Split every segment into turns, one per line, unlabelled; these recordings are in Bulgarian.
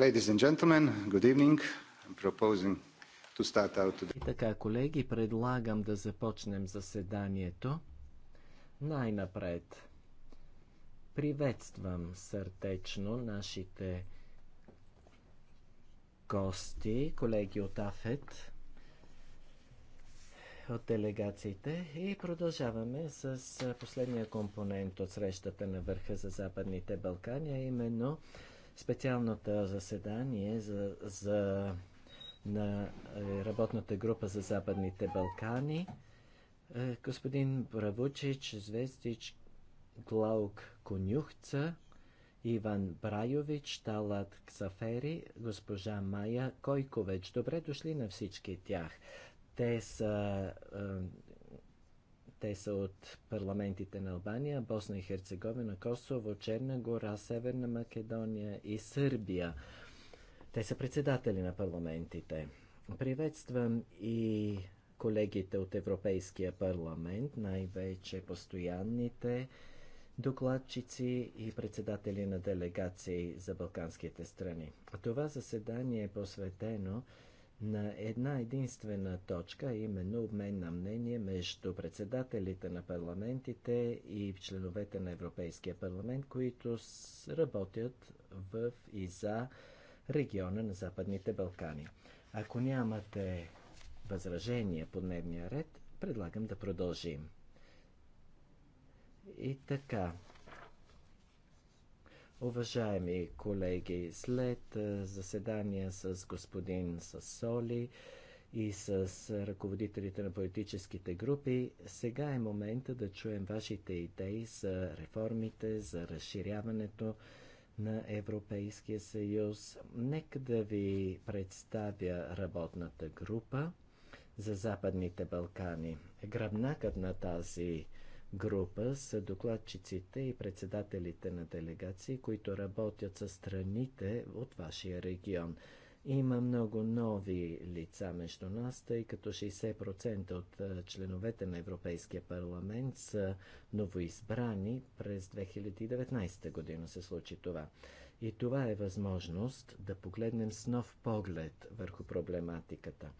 Ladies and gentlemen, good evening. I'm proposing to start out
today. И така, колеги, предлагам да започнем заседанието. Най-напред приветствам сърдечно нашите гости, колеги от АФЕТ, от делегациите и продължаваме с последния компонент от срещата на върха за Западните Балкани, а именно специалното заседание за, за, на е, работната група за Западните Балкани. Е, господин Бравучич, Звездич, Глаук Конюхца, Иван Брайович, Талат Ксафери, госпожа Майя Койкович. Добре дошли на всички тях. Те са е, те са от парламентите на Албания, Босна и Херцеговина, Косово, Черна гора, Северна Македония и Сърбия. Те са председатели на парламентите. Приветствам и колегите от Европейския парламент, най-вече постоянните докладчици и председатели на делегации за балканските страни. Това заседание е посветено на една единствена точка, именно обмен на мнение между председателите на парламентите и членовете на Европейския парламент, които работят в и за региона на Западните Балкани. Ако нямате възражения по дневния ред, предлагам да продължим. И така, Уважаеми колеги, след заседания с господин Сасоли и с ръководителите на политическите групи, сега е момента да чуем вашите идеи за реформите, за разширяването на Европейския съюз. Нека да ви представя работната група за Западните Балкани. Гръбнакът на тази група са докладчиците и председателите на делегации, които работят със страните от вашия регион. Има много нови лица между нас, тъй като 60% от членовете на Европейския парламент са новоизбрани през 2019 година се случи това. И това е възможност да погледнем с нов поглед върху проблематиката.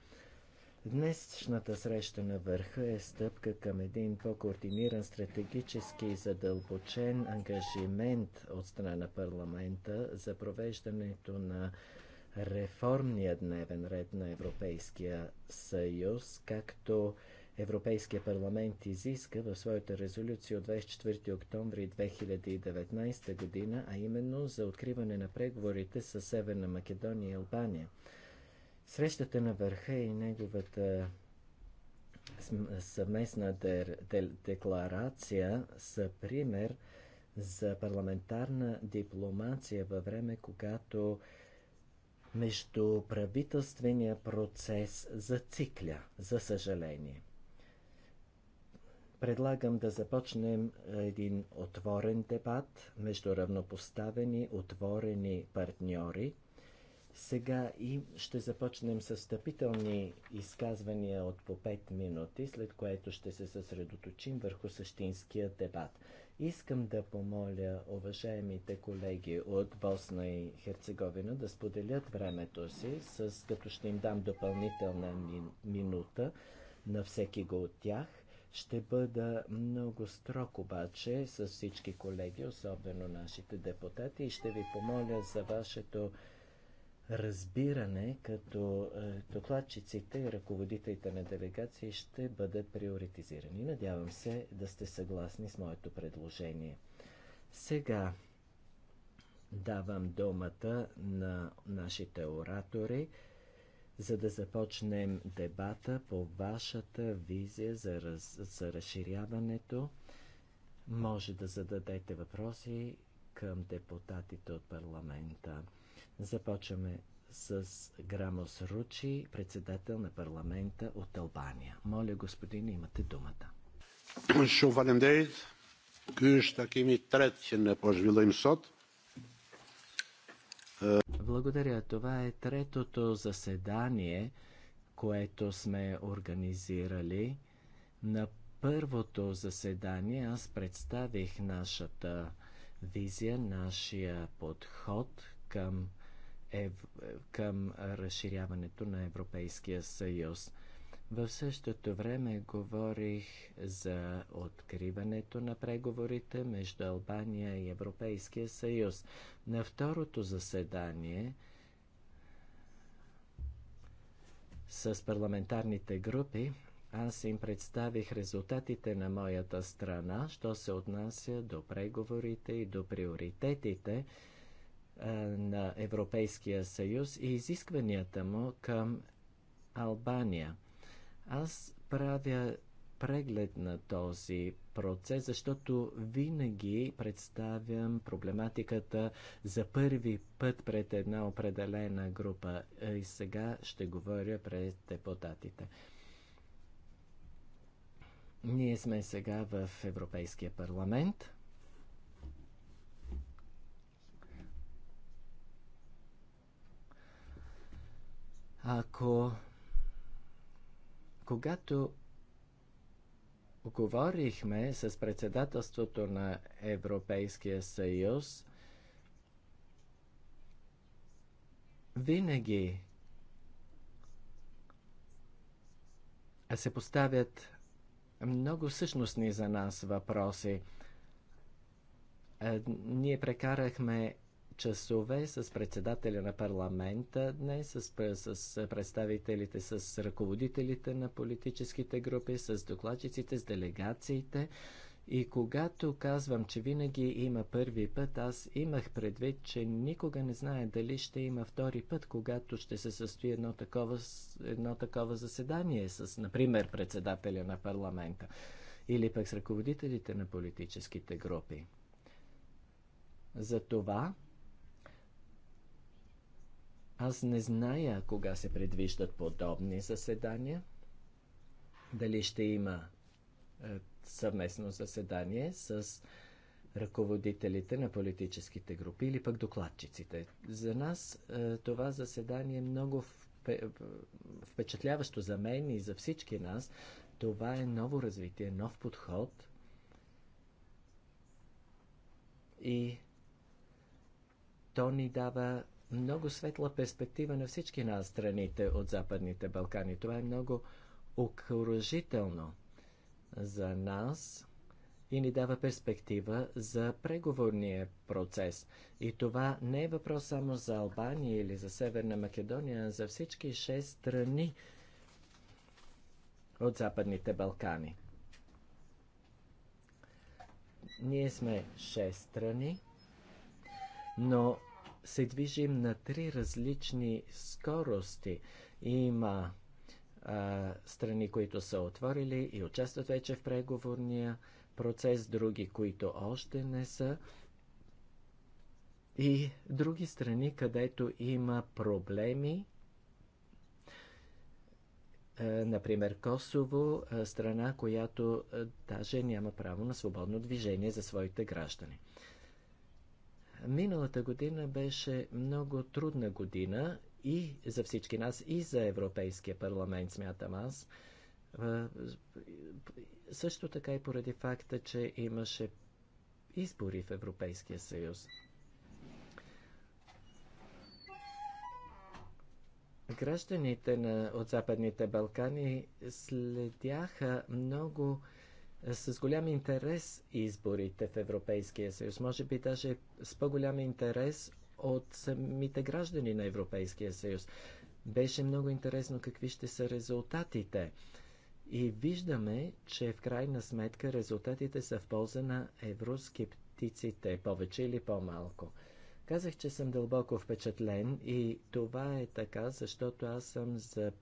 Днешната среща на върха е стъпка към един по-координиран стратегически и задълбочен ангажимент от страна на парламента за провеждането на реформния дневен ред на Европейския съюз, както Европейския парламент изиска в своята резолюция от 24 октомври 2019 година, а именно за откриване на преговорите с Северна Македония и Албания. Срещата на върха и неговата съвместна декларация са пример за парламентарна дипломация във време, когато между правителствения процес зацикля, за съжаление. Предлагам да започнем един отворен дебат между равнопоставени, отворени партньори, сега и ще започнем с стъпителни изказвания от по 5 минути, след което ще се съсредоточим върху същинския дебат. Искам да помоля уважаемите колеги от Босна и Херцеговина да споделят времето си, с като ще им дам допълнителна минута на всеки го от тях. Ще бъда много строг обаче с всички колеги, особено нашите депутати, и ще ви помоля за вашето разбиране, като е, докладчиците и ръководителите на делегации ще бъдат приоритизирани. Надявам се да сте съгласни с моето предложение. Сега давам думата на нашите оратори, за да започнем дебата по вашата визия за, раз, за разширяването. Може да зададете въпроси към депутатите от парламента. Започваме с Грамос Ручи, председател на парламента от Албания. Моля, господин, имате думата.
Шувалендейт, кюш такими трети на им сот.
Благодаря. Това е третото заседание, което сме организирали. На първото заседание аз представих нашата визия, нашия подход към ев... Е, към разширяването на Европейския съюз. В същото време говорих за откриването на преговорите между Албания и Европейския съюз. На второто заседание с парламентарните групи аз им представих резултатите на моята страна, що се отнася до преговорите и до приоритетите, на Европейския съюз и изискванията му към Албания. Аз правя преглед на този процес, защото винаги представям проблематиката за първи път пред една определена група. И сега ще говоря пред депутатите. Ние сме сега в Европейския парламент. Ако когато говорихме с председателството на Европейския съюз, винаги се поставят много същностни за нас въпроси. Е, ние прекарахме часове с председателя на парламента днес, с, с представителите, с ръководителите на политическите групи, с докладчиците, с делегациите. И когато казвам, че винаги има първи път, аз имах предвид, че никога не знае дали ще има втори път, когато ще се състои едно такова, едно такова заседание с, например, председателя на парламента или пък с ръководителите на политическите групи. За това. Аз не зная кога се предвиждат подобни заседания. Дали ще има е, съвместно заседание с ръководителите на политическите групи или пък докладчиците. За нас е, това заседание е много впечатляващо за мен и за всички нас. Това е ново развитие, нов подход. И то ни дава много светла перспектива на всички нас страните от Западните Балкани. Това е много окоръжително за нас и ни дава перспектива за преговорния процес. И това не е въпрос само за Албания или за Северна Македония, а за всички шест страни от Западните Балкани. Ние сме шест страни, но се движим на три различни скорости. Има а, страни, които са отворили и участват вече в преговорния процес, други, които още не са и други страни, където има проблеми. Например, Косово, страна, която даже няма право на свободно движение за своите граждани. Миналата година беше много трудна година и за всички нас, и за Европейския парламент, смятам аз. Също така и поради факта, че имаше избори в Европейския съюз. Гражданите на, от Западните Балкани следяха много е, с голям интерес изборите в Европейския съюз, може би даже с по-голям интерес от самите граждани на Европейския съюз. Беше много интересно какви ще са резултатите. И виждаме, че в крайна сметка резултатите са в полза на евроскептиците, повече или по-малко. Казах, че съм дълбоко впечатлен и това е така, защото аз съм за...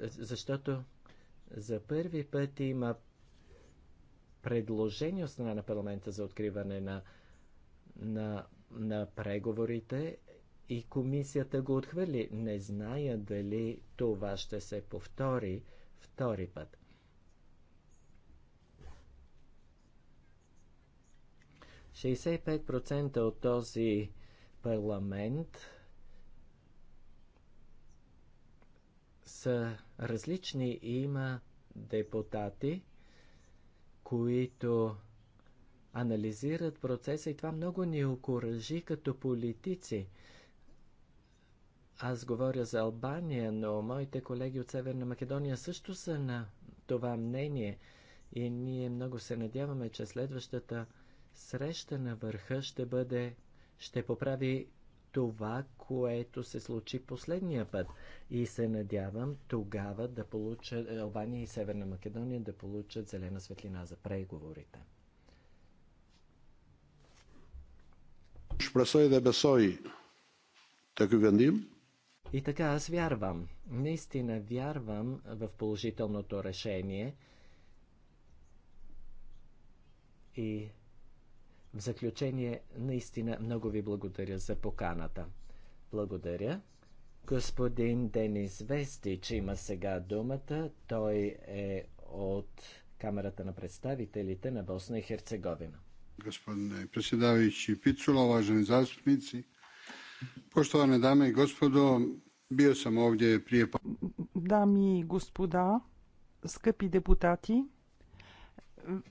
защото за първи път има предложение от страна на парламента за откриване на, на, на преговорите и комисията го отхвърли. Не зная дали това ще се повтори втори път. Шестдесет от този парламент са различни и има депутати, които анализират процеса и това много ни окоръжи като политици. Аз говоря за Албания, но моите колеги от Северна Македония също са на това мнение и ние много се надяваме, че следващата среща на върха ще бъде, ще поправи това, което се случи последния път. И се надявам тогава да получат е, Албания и Северна Македония да получат зелена светлина за преговорите. Шпресой да бесой.
Така гандим.
И така аз вярвам. Наистина вярвам в положителното решение. И в заключение, наистина много ви благодаря за поканата. Благодаря. Господин Денис Вестич има сега думата. Той е от Камерата на представителите на Босна и Херцеговина. Господин
председавајући Пицула, уважени заступници, poštovane dame и господо, bio sam ovdje prije... Дами и господа, скъпи депутати,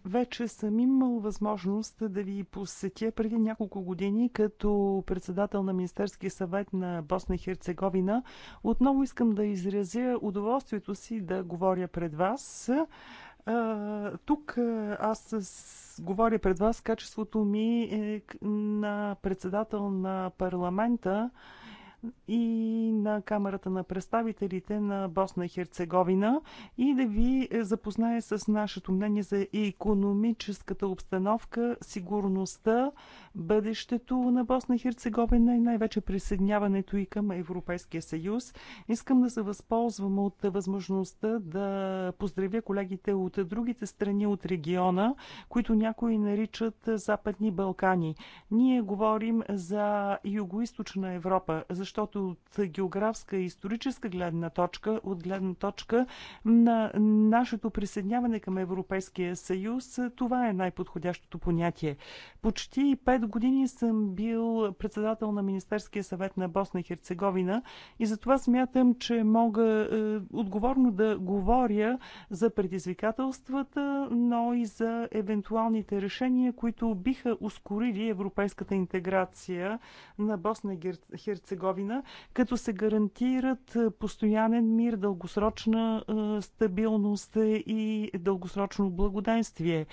вече съм имал възможност да ви посетя преди няколко години като председател на Министерски съвет на Босна и Херцеговина. Отново искам да изразя удоволствието си да говоря пред вас. Тук аз говоря пред вас качеството ми е, на председател на парламента и на Камерата на представителите на Босна и Херцеговина и да ви запознае с нашето мнение за економическата обстановка, сигурността, бъдещето на Босна и Херцеговина и най-вече присъединяването и към Европейския съюз. Искам да се възползвам от възможността да поздравя колегите от другите страни от региона, които някои наричат Западни Балкани. Ние говорим за Юго-Источна Европа, защото защото от географска и историческа гледна точка, от гледна точка на нашето присъединяване към Европейския съюз, това е най-подходящото понятие. Почти 5 години съм бил председател на Министерския съвет на Босна и Херцеговина и затова смятам, че мога е, отговорно да говоря за предизвикателствата, но и за евентуалните решения, които биха ускорили европейската интеграция на Босна и Херцеговина Херцеговина, като се гарантират е, постоянен мир, дългосрочна е, стабилност е, и дългосрочно благоденствие.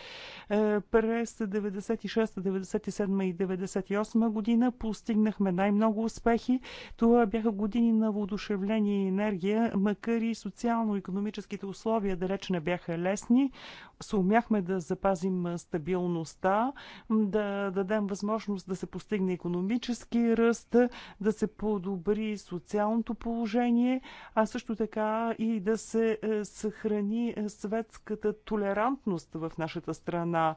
През 96, 97 и 98 година постигнахме най-много успехи. Това бяха години на воодушевление и енергия, макар и социално-економическите условия далеч не бяха лесни. Сумяхме да запазим стабилността, да дадем възможност да се постигне економически ръст, да се по подобри социалното положение, а също така и да се е, съхрани е, светската толерантност в нашата страна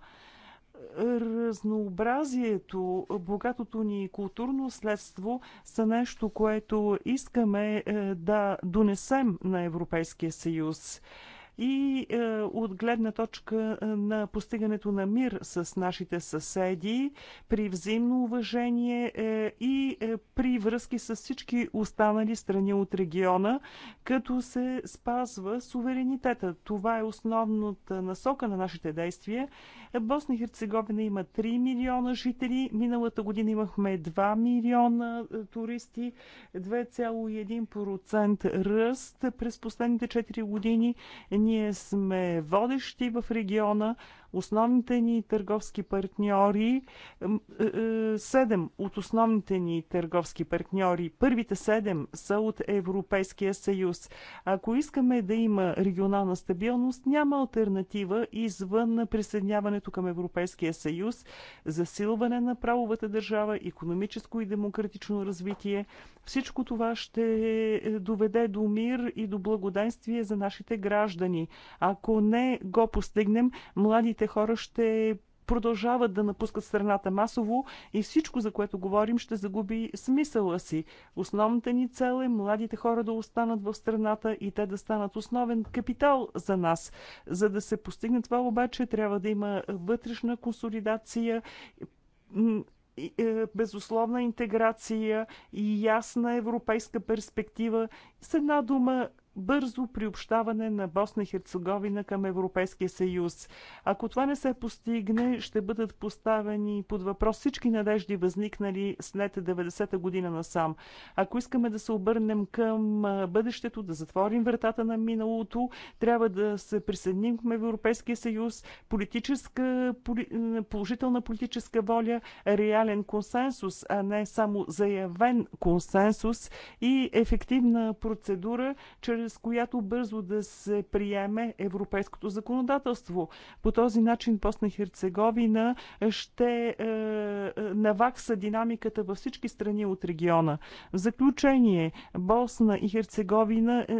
разнообразието, богатото ни културно следство са нещо, което искаме е, да донесем на Европейския съюз и е, от гледна точка е, на постигането на мир с нашите съседи, при взаимно уважение е, и е, при връзки с всички останали страни от региона, като се спазва суверенитета. Това е основната насока на нашите действия. Босна и Херцеговина има 3 милиона жители. Миналата година имахме 2 милиона е, туристи, 2,1% ръст през последните 4 години. Ние сме водещи в региона Основните ни търговски партньори, е, е, седем от основните ни търговски партньори, първите седем са от Европейския съюз. Ако искаме да има регионална стабилност, няма альтернатива извън присъединяването към Европейския съюз, засилване на правовата държава, економическо и демократично развитие. Всичко това ще доведе до мир и до благоденствие за нашите граждани. Ако не го постигнем, младите младите хора ще продължават да напускат страната масово и всичко, за което говорим, ще загуби смисъла си. Основната ни цел е младите хора да останат в страната и те да станат основен капитал за нас. За да се постигне това обаче, трябва да има вътрешна консолидация, е, безусловна интеграция и ясна европейска перспектива. С една дума бързо приобщаване на Босна и Херцеговина към Европейския съюз. Ако това не се постигне, ще бъдат поставени под въпрос всички надежди, възникнали след 90-та година насам. Ако искаме да се обърнем към бъдещето, да затворим вратата на миналото, трябва да се присъединим към Европейския съюз, политическа, положителна политическа воля, реален консенсус, а не само заявен консенсус и ефективна процедура, чрез чрез която бързо да се приеме европейското законодателство. По този начин Босна и Херцеговина ще е, е навакса динамиката във всички страни от региона. В заключение, Босна и Херцеговина е,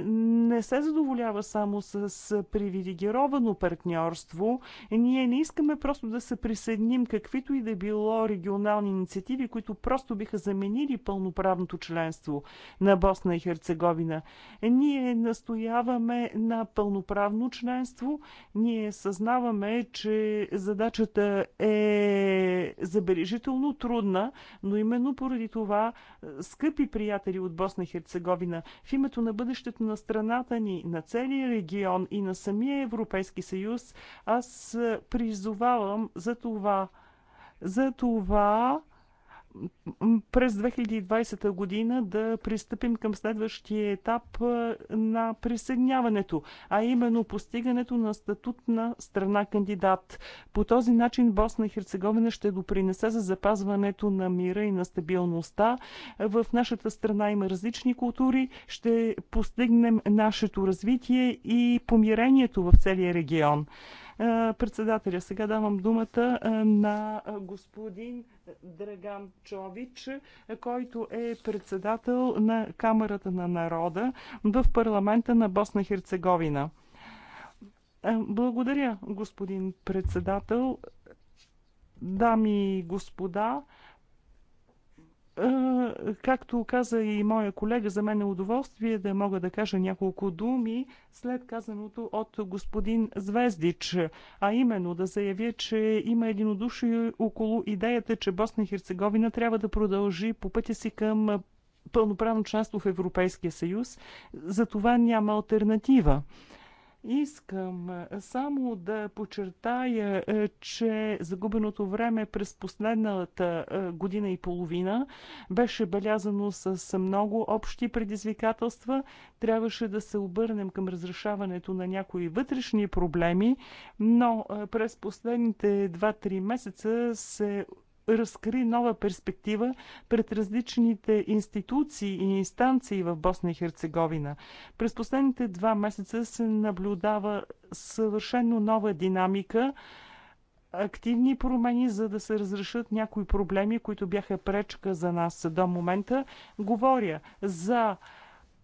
не се задоволява само с привилегировано партньорство. Ние не искаме просто да се присъединим каквито и да било регионални инициативи, които просто биха заменили пълноправното членство на Босна и Херцеговина. Ние настояваме на пълноправно членство. Ние съзнаваме, че задачата е забележително трудна, но именно поради това, скъпи приятели от Босна и Херцеговина, в името на бъдещето на страната ни, на целия регион и на самия Европейски съюз, аз призовавам за това, за това през 2020 година да пристъпим към следващия етап на присъединяването, а именно постигането на статут на страна кандидат. По този начин Босна и Херцеговина ще допринесе за запазването на мира и на стабилността. В нашата страна има различни култури. Ще постигнем нашето развитие и помирението в целия регион. Е, председателя, сега давам думата е, на е, господин Драган Чович, който е председател на Камерата на народа в парламента на Босна Херцеговина. Благодаря, господин председател. Дами и господа, е, както каза и моя колега, за мен е удоволствие да мога да кажа няколко думи след казаното от господин Звездич, а именно да заявя, че има единодушие около идеята, че Босна и Херцеговина трябва да продължи по пътя си към пълноправно членство в Европейския съюз. За това няма альтернатива. Искам само да подчертая, че загубеното време през последната година и половина беше белязано с много общи предизвикателства. Трябваше да се обърнем към разрешаването на някои вътрешни проблеми, но през последните 2-3 месеца се разкри нова перспектива пред различните институции и инстанции в Босна и Херцеговина. През последните два месеца се наблюдава съвършено нова динамика, активни промени, за да се разрешат някои проблеми, които бяха пречка за нас до момента. Говоря за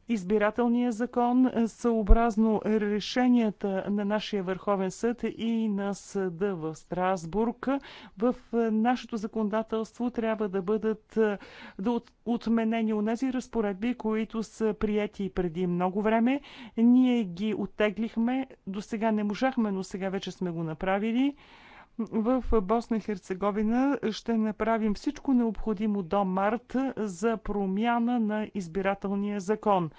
избирателния закон, е, съобразно решенията на нашия Върховен съд и на съда в Страсбург. В е, нашето законодателство трябва да бъдат е, да отменени от тези разпоредби, които са прияти преди много време. Ние ги оттеглихме, до сега не можахме, но сега вече сме го направили. В Босна и Херцеговина ще направим всичко необходимо до март за промяна на избирателния закон.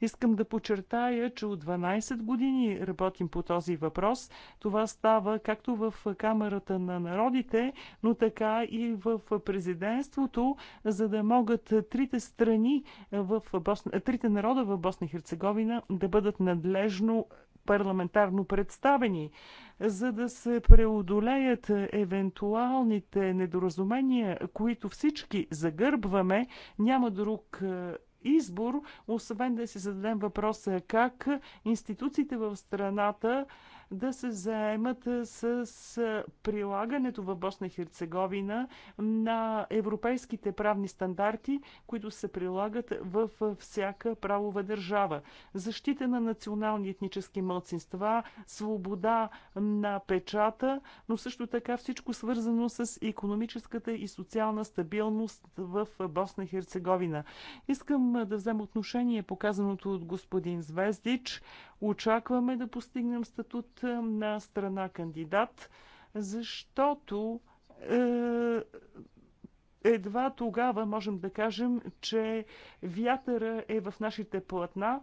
Искам да подчертая, че от 12 години работим по този въпрос. Това става както в Камерата на народите, но така и в президентството, за да могат трите страни в Босна, трите народа в Босна и Херцеговина да бъдат надлежно парламентарно представени, за да се преодолеят евентуалните недоразумения, които всички загърбваме, няма друг е, избор, освен да си зададем въпроса как институциите в страната да се заемат с прилагането в Босна и Херцеговина на европейските правни стандарти, които се прилагат в всяка правова държава. Защита на национални етнически младсинства, свобода на печата, но също така всичко свързано с економическата и социална стабилност в Босна и Херцеговина. Искам да взема отношение по казаното от господин Звездич. Очакваме да постигнем статут е, на страна кандидат, защото е, едва тогава можем да кажем, че вятъра е в нашите платна,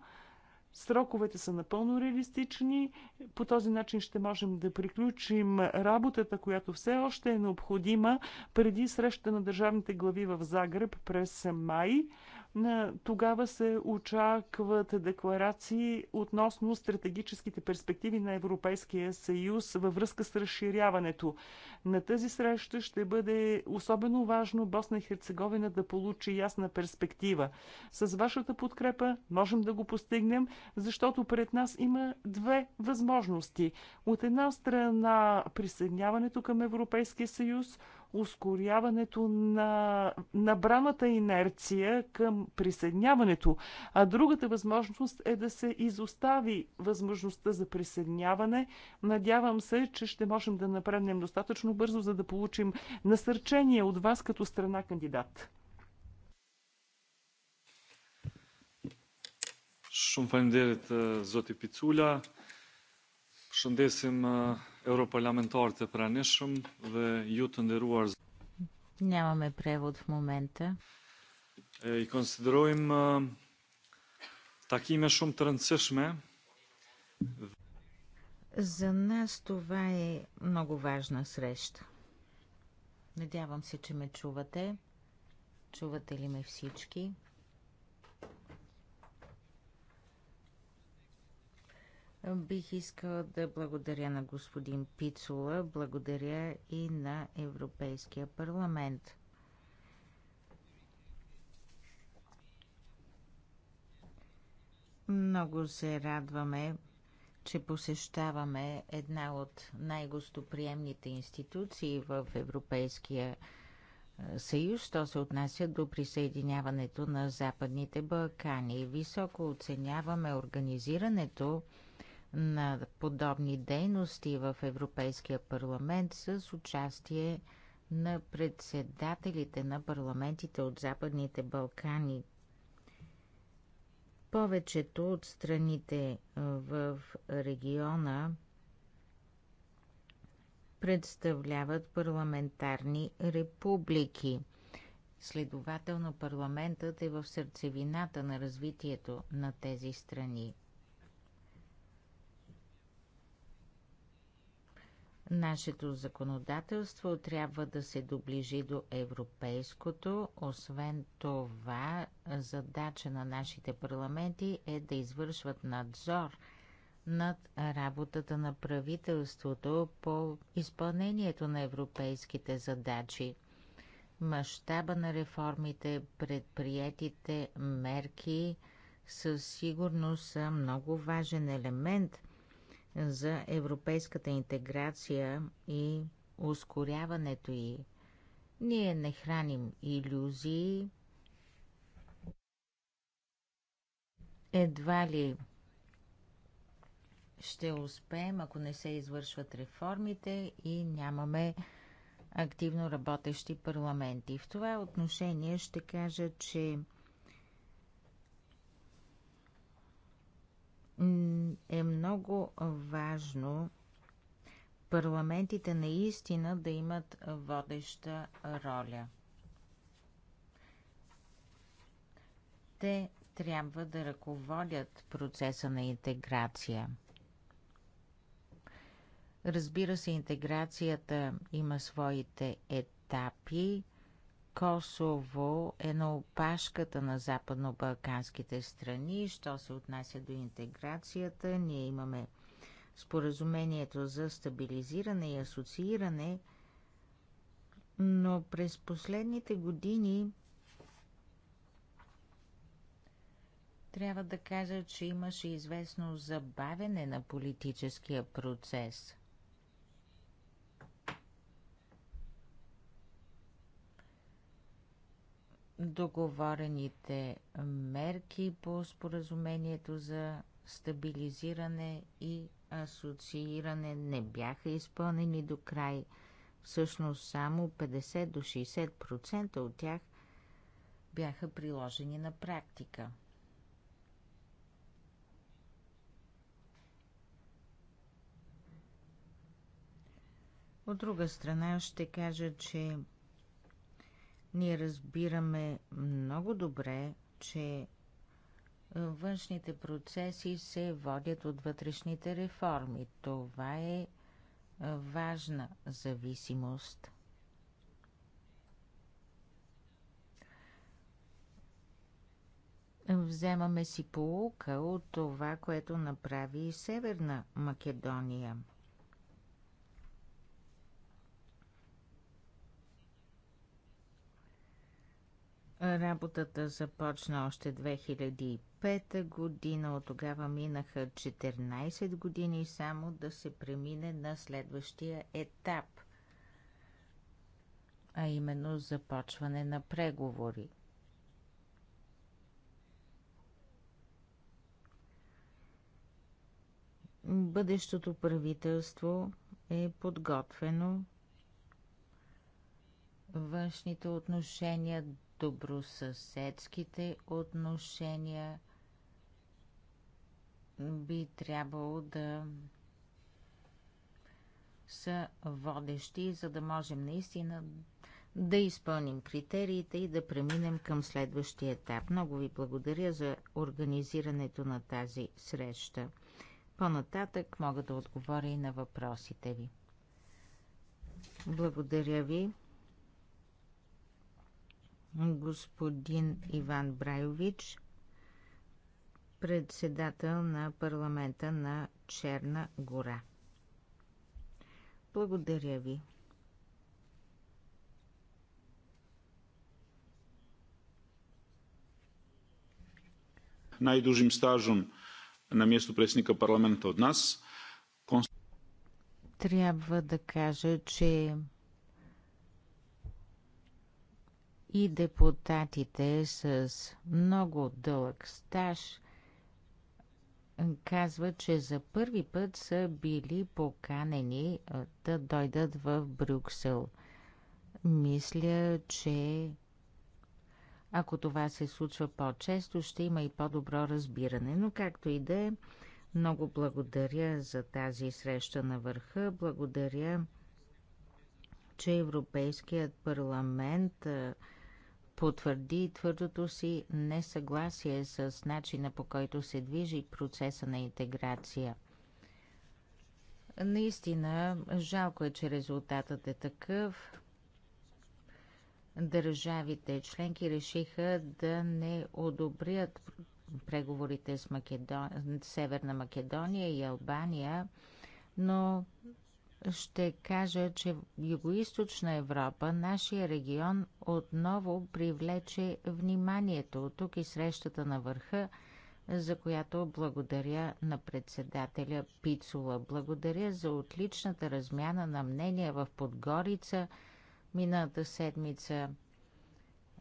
сроковете са напълно реалистични. По този начин ще можем да приключим работата, която все още е необходима преди среща на държавните глави в Загреб през май тогава се очакват декларации относно стратегическите перспективи на Европейския съюз във връзка с разширяването. На тази среща ще бъде особено важно Босна и Херцеговина да получи ясна перспектива. С вашата подкрепа можем да го постигнем, защото пред нас има две възможности. От една страна присъединяването към Европейския съюз, ускоряването на набраната инерция към присъединяването, а другата възможност е да се изостави възможността за присъединяване. Надявам се, че ще можем да напреднем достатъчно бързо, за да получим насърчение от вас като страна кандидат. Shumë Зоти Пицуля. Picula europarlamentarите e pranešëm dhe ju të nderuar
Нямаме превод в момента.
Е, и консидеруем такиме шум të rëndësishme.
За нас това е много важна среща. Надявам се, че ме чувате. Чувате ли ме всички? Бих искал да благодаря на господин Пицула, благодаря и на Европейския парламент. Много се радваме, че посещаваме една от най-гостоприемните институции в Европейския е, съюз, що се отнася до присъединяването на Западните Балкани. Високо оценяваме организирането на подобни дейности в Европейския парламент с участие на председателите на парламентите от Западните Балкани. Повечето от страните в региона представляват парламентарни републики. Следователно парламентът е в сърцевината на развитието на тези страни. Нашето законодателство трябва да се доближи до европейското. Освен това, задача на нашите парламенти е да извършват надзор над работата на правителството по изпълнението на европейските задачи, мащаба на реформите, предприетите мерки със сигурност са много важен елемент – за европейската интеграция и ускоряването й. Ние не храним иллюзии. Едва ли ще успеем, ако не се извършват реформите и нямаме активно работещи парламенти. В това отношение ще кажа, че е много важно парламентите наистина да имат водеща роля. Те трябва да ръководят процеса на интеграция. Разбира се, интеграцията има своите етапи. Косово е на опашката на западно-балканските страни. Що се отнася до интеграцията, ние имаме споразумението за стабилизиране и асоцииране, но през последните години трябва да кажа, че имаше известно забавене на политическия процес – договорените мерки по споразумението за стабилизиране и асоцииране не бяха изпълнени до край. Всъщност само 50 до 60% от тях бяха приложени на практика. От друга страна ще кажа, че ние разбираме много добре, че е, външните процеси се водят от вътрешните реформи. Това е, е важна зависимост. Вземаме си поука от това, което направи Северна Македония – Работата започна още 2005 година. От тогава минаха 14 години само да се премине на следващия етап, а именно започване на преговори. Бъдещото правителство е подготвено външните отношения добросъседските отношения би трябвало да са водещи, за да можем наистина да изпълним критериите и да преминем към следващия етап. Много ви благодаря за организирането на тази среща. По-нататък мога да отговоря и на въпросите ви. Благодаря ви господин Иван Брайович, председател на парламента на Черна гора. Благодаря ви.
най Najdužim стажом на място пресника парламента от нас.
Трябва да кажа, че и депутатите с много дълъг стаж казват, че за първи път са били поканени да дойдат в Брюксел. Мисля, че ако това се случва по-често, ще има и по-добро разбиране. Но както и да е, много благодаря за тази среща на върха. Благодаря, че Европейският парламент потвърди твърдото си несъгласие с начина по който се движи процеса на интеграция. Наистина, жалко е, че резултатът е такъв. Държавите членки решиха да не одобрят преговорите с Македон... Северна Македония и Албания, но ще кажа, че Юго-Источна Европа, нашия регион, отново привлече вниманието тук и е срещата на върха, за която благодаря на председателя Пицула. Благодаря за отличната размяна на мнения в Подгорица миналата седмица.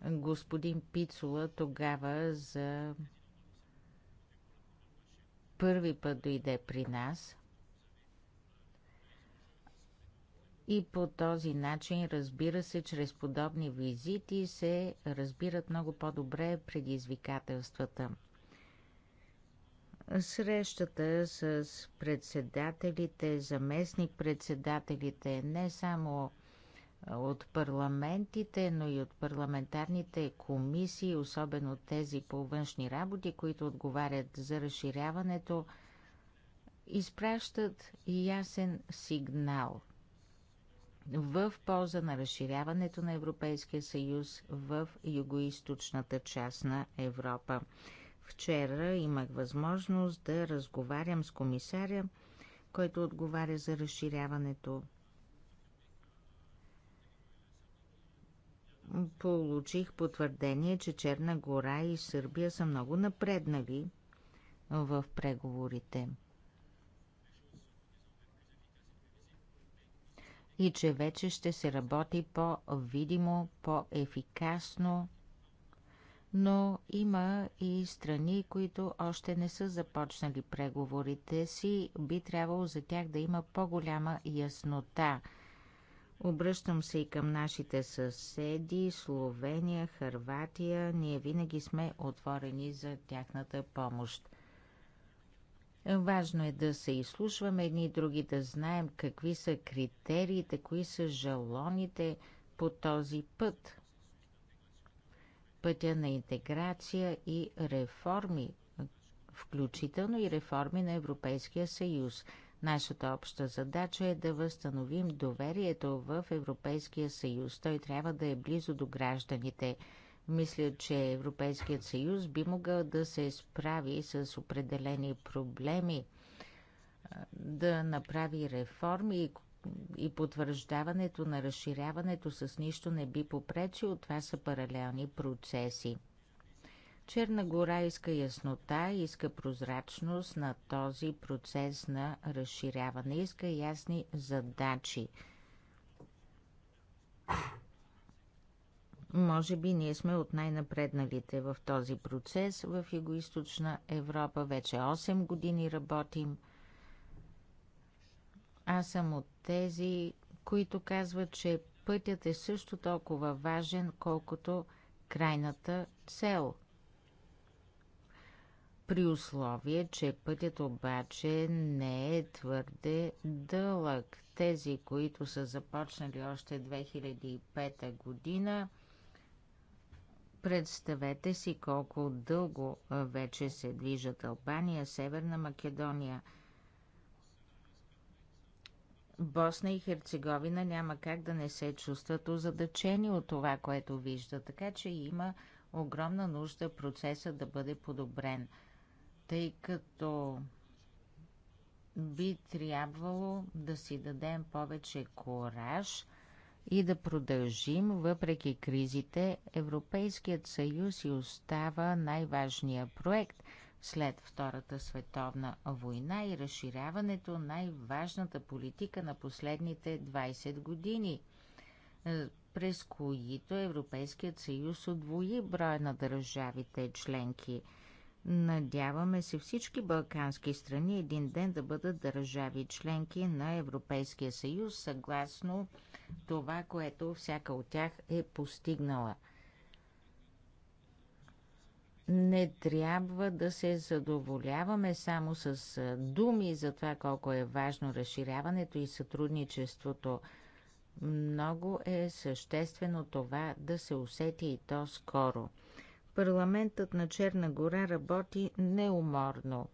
Господин Пицула тогава за първи път дойде при нас – И по този начин, разбира се, чрез подобни визити се разбират много по-добре предизвикателствата. Срещата с председателите, заместник-председателите, не само от парламентите, но и от парламентарните комисии, особено тези по външни работи, които отговарят за разширяването, изпращат ясен сигнал – в полза на разширяването на Европейския съюз в югоисточната част на Европа. Вчера имах възможност да разговарям с комисаря, който отговаря за разширяването. Получих потвърдение, че Черна гора и Сърбия са много напреднали в преговорите – и че вече ще се работи по-видимо, по-ефикасно. Но има и страни, които още не са започнали преговорите си. Би трябвало за тях да има по-голяма яснота. Обръщам се и към нашите съседи Словения, Харватия. Ние винаги сме отворени за тяхната помощ. Важно е да се изслушваме едни и други, да знаем какви са критериите, кои са жалоните по този път. Пътя на интеграция и реформи, включително и реформи на Европейския съюз. Нашата обща задача е да възстановим доверието в Европейския съюз. Той трябва да е близо до гражданите – мисля, че Европейският съюз би могъл да се справи с определени проблеми, да направи реформи и потвърждаването на разширяването с нищо не би попречило. Това са паралелни процеси. Черна гора иска яснота, иска прозрачност на този процес на разширяване, иска ясни задачи Може би ние сме от най-напредналите в този процес. В Юго-Источна Европа вече 8 години работим. Аз съм от тези, които казват, че пътят е също толкова важен, колкото крайната цел. При условие, че пътят обаче не е твърде дълъг. Тези, които са започнали още 2005 година, Представете си колко дълго вече се движат Албания, Северна Македония. Босна и Херцеговина няма как да не се чувстват озадачени от това, което вижда, така че има огромна нужда процеса да бъде подобрен, тъй като би трябвало да си дадем повече кораж – и да продължим въпреки кризите. Европейският съюз и остава най-важният проект след Втората световна война и разширяването най-важната политика на последните 20 години, е, през които Европейският съюз отвои броя на държавите членки – Надяваме се всички балкански страни един ден да бъдат държави членки на Европейския съюз, съгласно това, което всяка от тях е постигнала. Не трябва да се задоволяваме само с думи за това колко е важно разширяването и сътрудничеството. Много е съществено това да се усети и то скоро – Парламентът на Черна гора работи неуморно.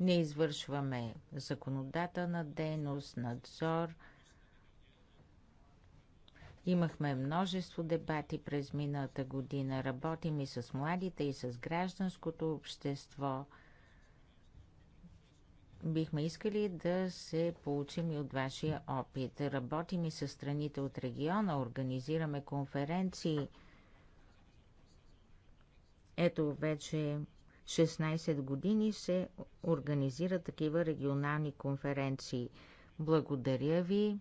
Не извършваме законодателна дейност, надзор. Имахме множество дебати през миналата година. Работим и с младите, и с гражданското общество – бихме искали да се получим и от вашия опит. Работим и с страните от региона, организираме конференции. Ето вече 16 години се организират такива регионални конференции. Благодаря ви.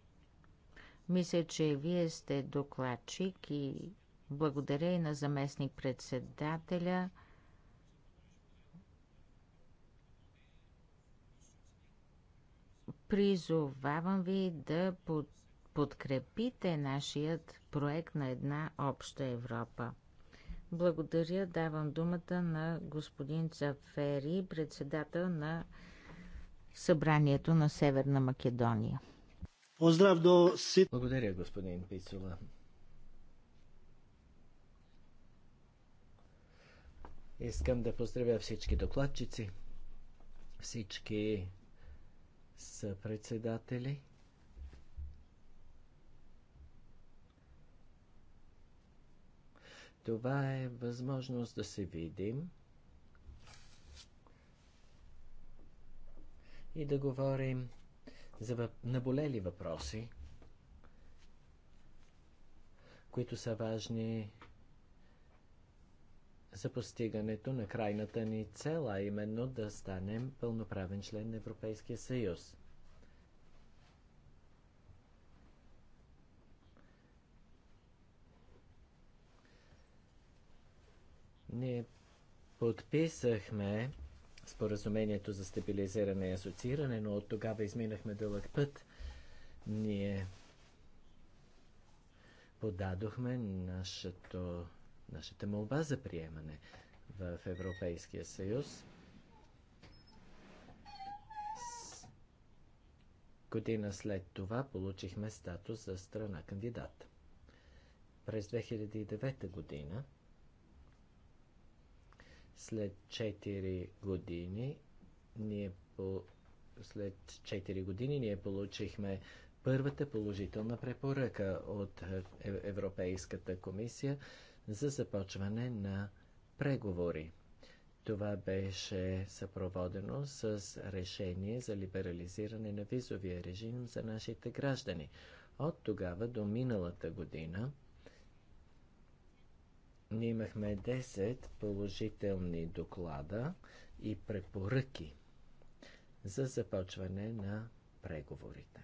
Мисля, че вие сте докладчик и благодаря и на заместник председателя. Призовавам ви да подкрепите нашият проект на една обща Европа. Благодаря. Давам думата на господин Цафери, председател на Събранието на Северна Македония. Поздрав до си...
Благодаря, господин Пицула. Искам да поздравя всички докладчици, всички съпредседатели, председатели. Това е възможност да се видим и да говорим за наболели въпроси, които са важни за постигането на крайната ни цел, а именно да станем пълноправен член на Европейския съюз. Ние подписахме споразумението за стабилизиране и асоцииране, но от тогава изминахме дълъг път. Ние подадохме нашето нашата молба за приемане в Европейския съюз. Година след това получихме статус за страна кандидат. През 2009 година, след 4 години, ние по... след 4 години ние получихме първата положителна препоръка от е, Европейската комисия за започване на преговори. Това беше съпроводено с решение за либерализиране на визовия режим за нашите граждани. От тогава до миналата година ние имахме 10 положителни доклада и препоръки за започване на преговорите.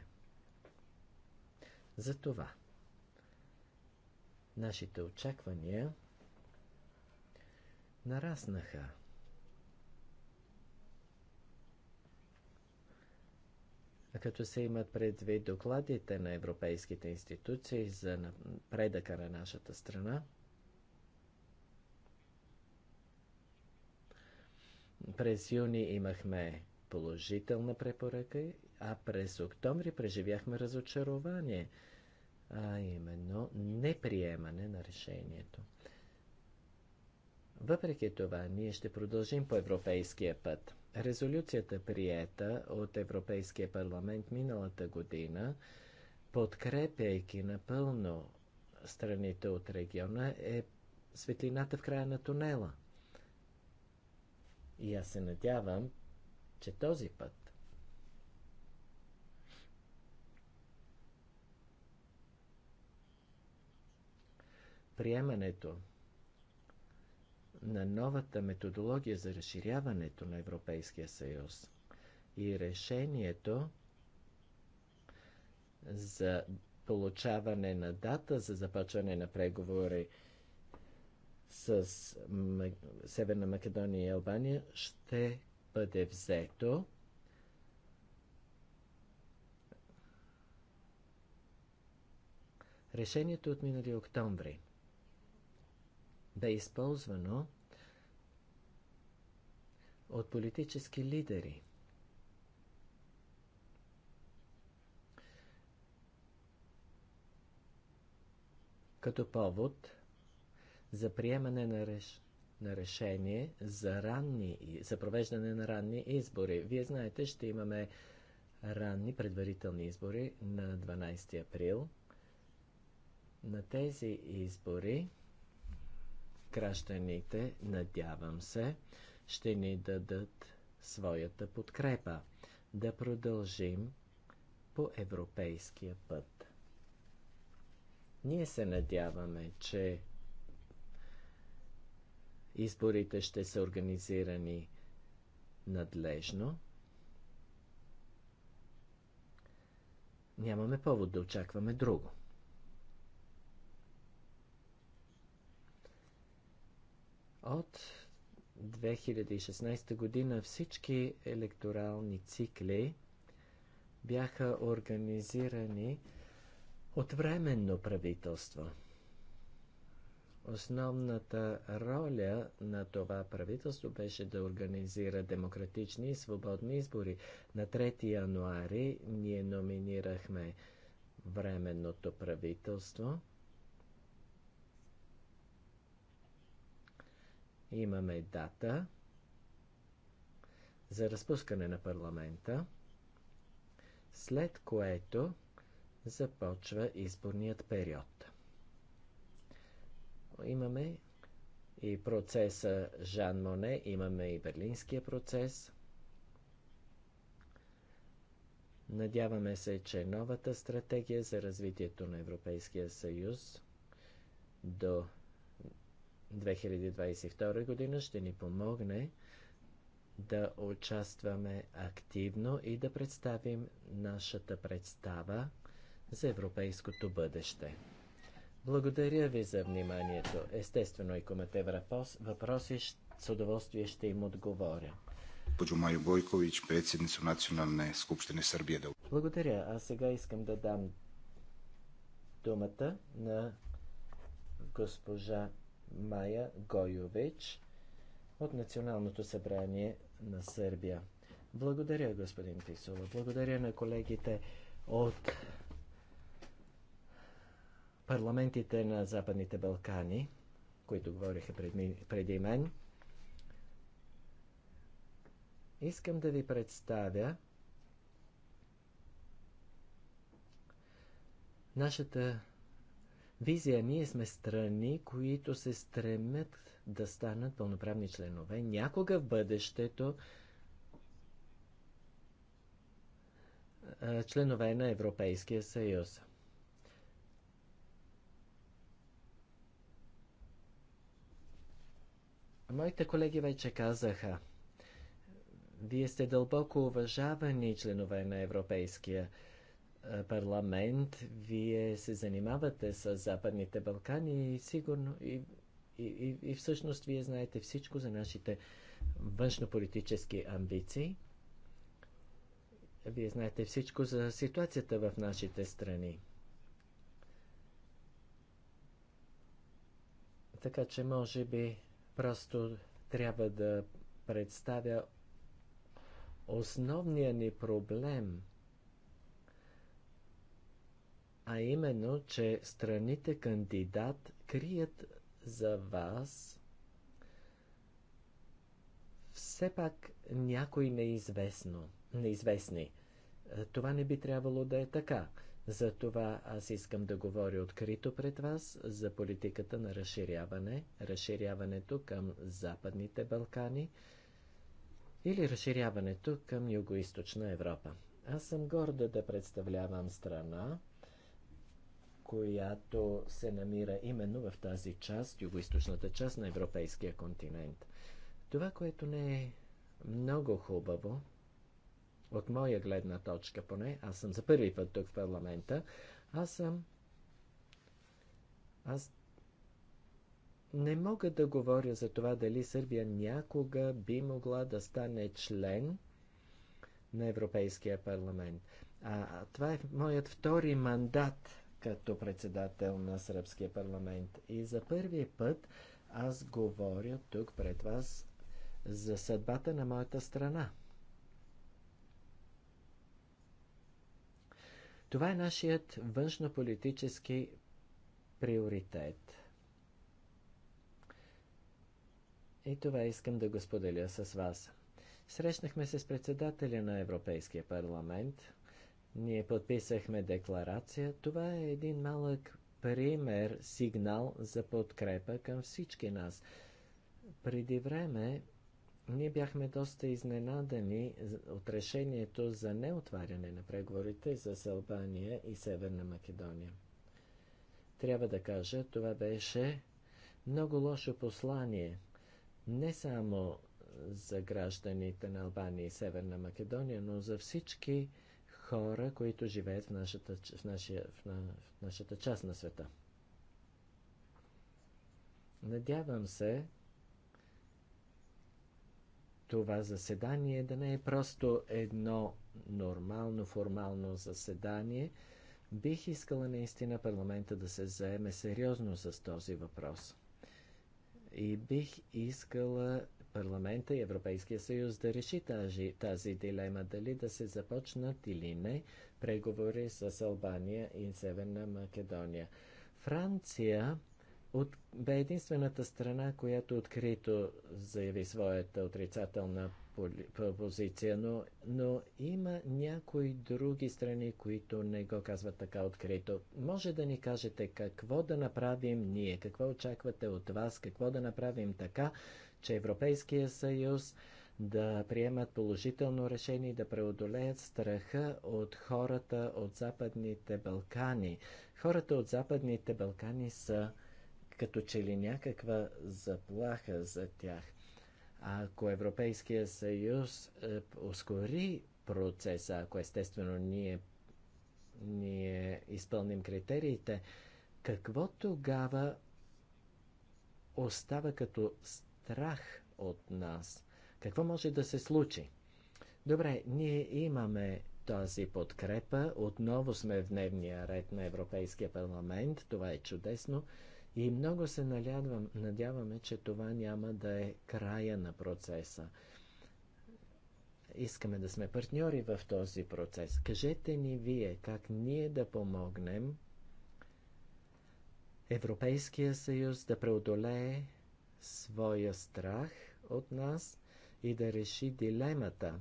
За това Нашите очаквания нараснаха. като се имат предвид докладите на европейските институции за предъка на нашата страна, през юни имахме положителна препоръка, а през октомври преживяхме разочарование – а именно неприемане на решението. Въпреки това, ние ще продължим по европейския път. Резолюцията, приета от Европейския парламент миналата година, подкрепяйки напълно страните от региона, е светлината в края на тунела. И аз се надявам, че този път приемането на новата методология за разширяването на Европейския съюз и решението за получаване на дата за започване на преговори с Северна Македония и Албания ще бъде взето решението е от минали октомври бе използвано от политически лидери. Като повод за приемане на, реш... на решение за, ранни... за провеждане на ранни избори. Вие знаете, ще имаме ранни предварителни избори на 12 април. На тези избори Гражданите, надявам се, ще ни дадат своята подкрепа да продължим по европейския път. Ние се надяваме, че изборите ще са организирани надлежно. Нямаме повод да очакваме друго. От 2016 година всички електорални цикли бяха организирани от временно правителство. Основната роля на това правителство беше да организира демократични и свободни избори. На 3 януари ние номинирахме временното правителство Имаме дата за разпускане на парламента, след което започва изборният период. Имаме и процеса Жан Моне, имаме и Берлинския процес. Надяваме се, че новата стратегия за развитието на Европейския съюз до 2022 година ще ни помогне да участваме активно и да представим нашата представа за европейското бъдеще. Благодаря ви за вниманието. Естествено, и имате въпроси, с удоволствие ще им отговоря.
Госпожо Майо Бойкович, председница Национална скупщина Сърбия.
Благодаря. А сега искам да дам думата на госпожа Майя Гойович от Националното събрание на Сърбия. Благодаря, господин Писова. Благодаря на колегите от парламентите на Западните Балкани, които говориха преди мен. Искам да ви представя нашата визия. Ние сме страни, които се стремят да станат пълноправни членове. Някога в бъдещето членове на Европейския съюз. Моите колеги вече казаха, вие сте дълбоко уважавани членове на Европейския съюз парламент, вие се занимавате с Западните Балкани и сигурно и, и, и, и всъщност вие знаете всичко за нашите външнополитически амбиции. Вие знаете всичко за ситуацията в нашите страни. Така че може би просто трябва да представя основния ни проблем – а именно, че страните кандидат крият за вас все пак някой неизвестно, неизвестни. Е, това не би трябвало да е така. Затова аз искам да говоря открито пред вас за политиката на разширяване, разширяването към Западните Балкани или разширяването към Юго-Источна Европа. Аз съм горда да представлявам страна, която се намира именно в тази част, югоизточната част на европейския континент. Това, което не е много хубаво, от моя гледна точка поне, аз съм за първи път тук в парламента, аз съм... Аз не мога да говоря за това дали Сърбия някога би могла да стане член на Европейския парламент. А, това е моят втори мандат като председател на Сръбския парламент. И за първи път аз говоря тук пред вас за съдбата на моята страна. Това е нашият външнополитически приоритет. И това искам да го споделя с вас. Срещнахме се с председателя на Европейския парламент – ние подписахме декларация. Това е един малък пример, сигнал за подкрепа към всички нас. Преди време ние бяхме доста изненадани от решението за неотваряне на преговорите за Албания и Северна Македония. Трябва да кажа, това беше много лошо послание, не само за гражданите на Албания и Северна Македония, но за всички хора, които живеят в нашата, в нашия, в на, в нашата част на света. Надявам се, това заседание да не е просто едно нормално, формално заседание. Бих искала наистина парламента да се заеме сериозно с този въпрос. И бих искала парламента и Европейския съюз да реши тази, тази дилема, дали да се започнат или не преговори с Албания и Северна Македония. Франция от, бе единствената страна, която открито заяви своята отрицателна позиция, но, но има някои други страни, които не го казват така открито. Може да ни кажете какво да направим ние, какво очаквате от вас, какво да направим така, че Европейския съюз да приемат положително решение и да преодолеят страха от хората от Западните Балкани. Хората от Западните Балкани са като че ли някаква заплаха за тях. А ако Европейския съюз е, ускори процеса, ако естествено ние, ние изпълним критериите, какво тогава остава като страх от нас. Какво може да се случи? Добре, ние имаме тази подкрепа. Отново сме в дневния ред на Европейския парламент. Това е чудесно. И много се налядвам, надяваме, че това няма да е края на процеса. Искаме да сме партньори в този процес. Кажете ни вие как ние да помогнем Европейския съюз да преодолее своя страх от нас и да реши дилемата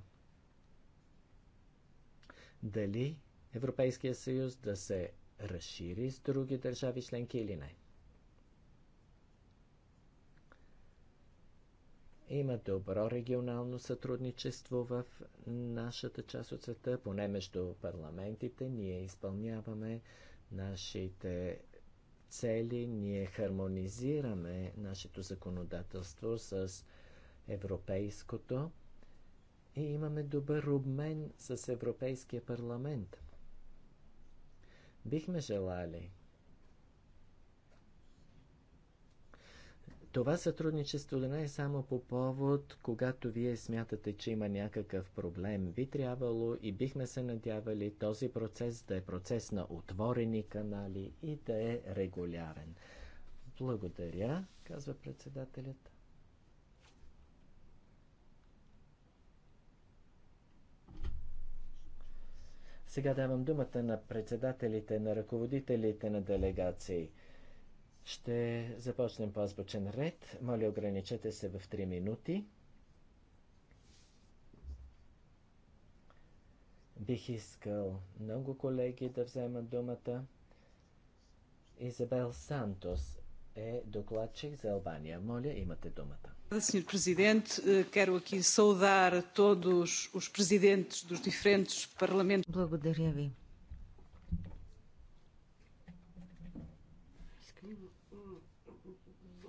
дали Европейския съюз да се разшири с други държави членки или не. Има добро регионално сътрудничество в нашата част от света, поне между парламентите. Ние изпълняваме нашите цели ние хармонизираме нашето законодателство с европейското и имаме добър обмен с Европейския парламент. Бихме желали Това сътрудничество да не е само по повод, когато вие смятате, че има някакъв проблем. Би трябвало и бихме се надявали този процес да е процес на отворени канали и да е регулярен. Благодаря, казва председателят. Сега давам думата на председателите, на ръководителите на делегации – ще започнем по азбучен ред. Моля, ограничете се в 3 минути. Бих искал много колеги да вземат думата. Изабел Сантос е докладчик за Албания. Моля, имате думата.
Senhor Presidente, eh, quero aqui saudar todos os presidentes dos diferentes parlamentos. Благодаря ви.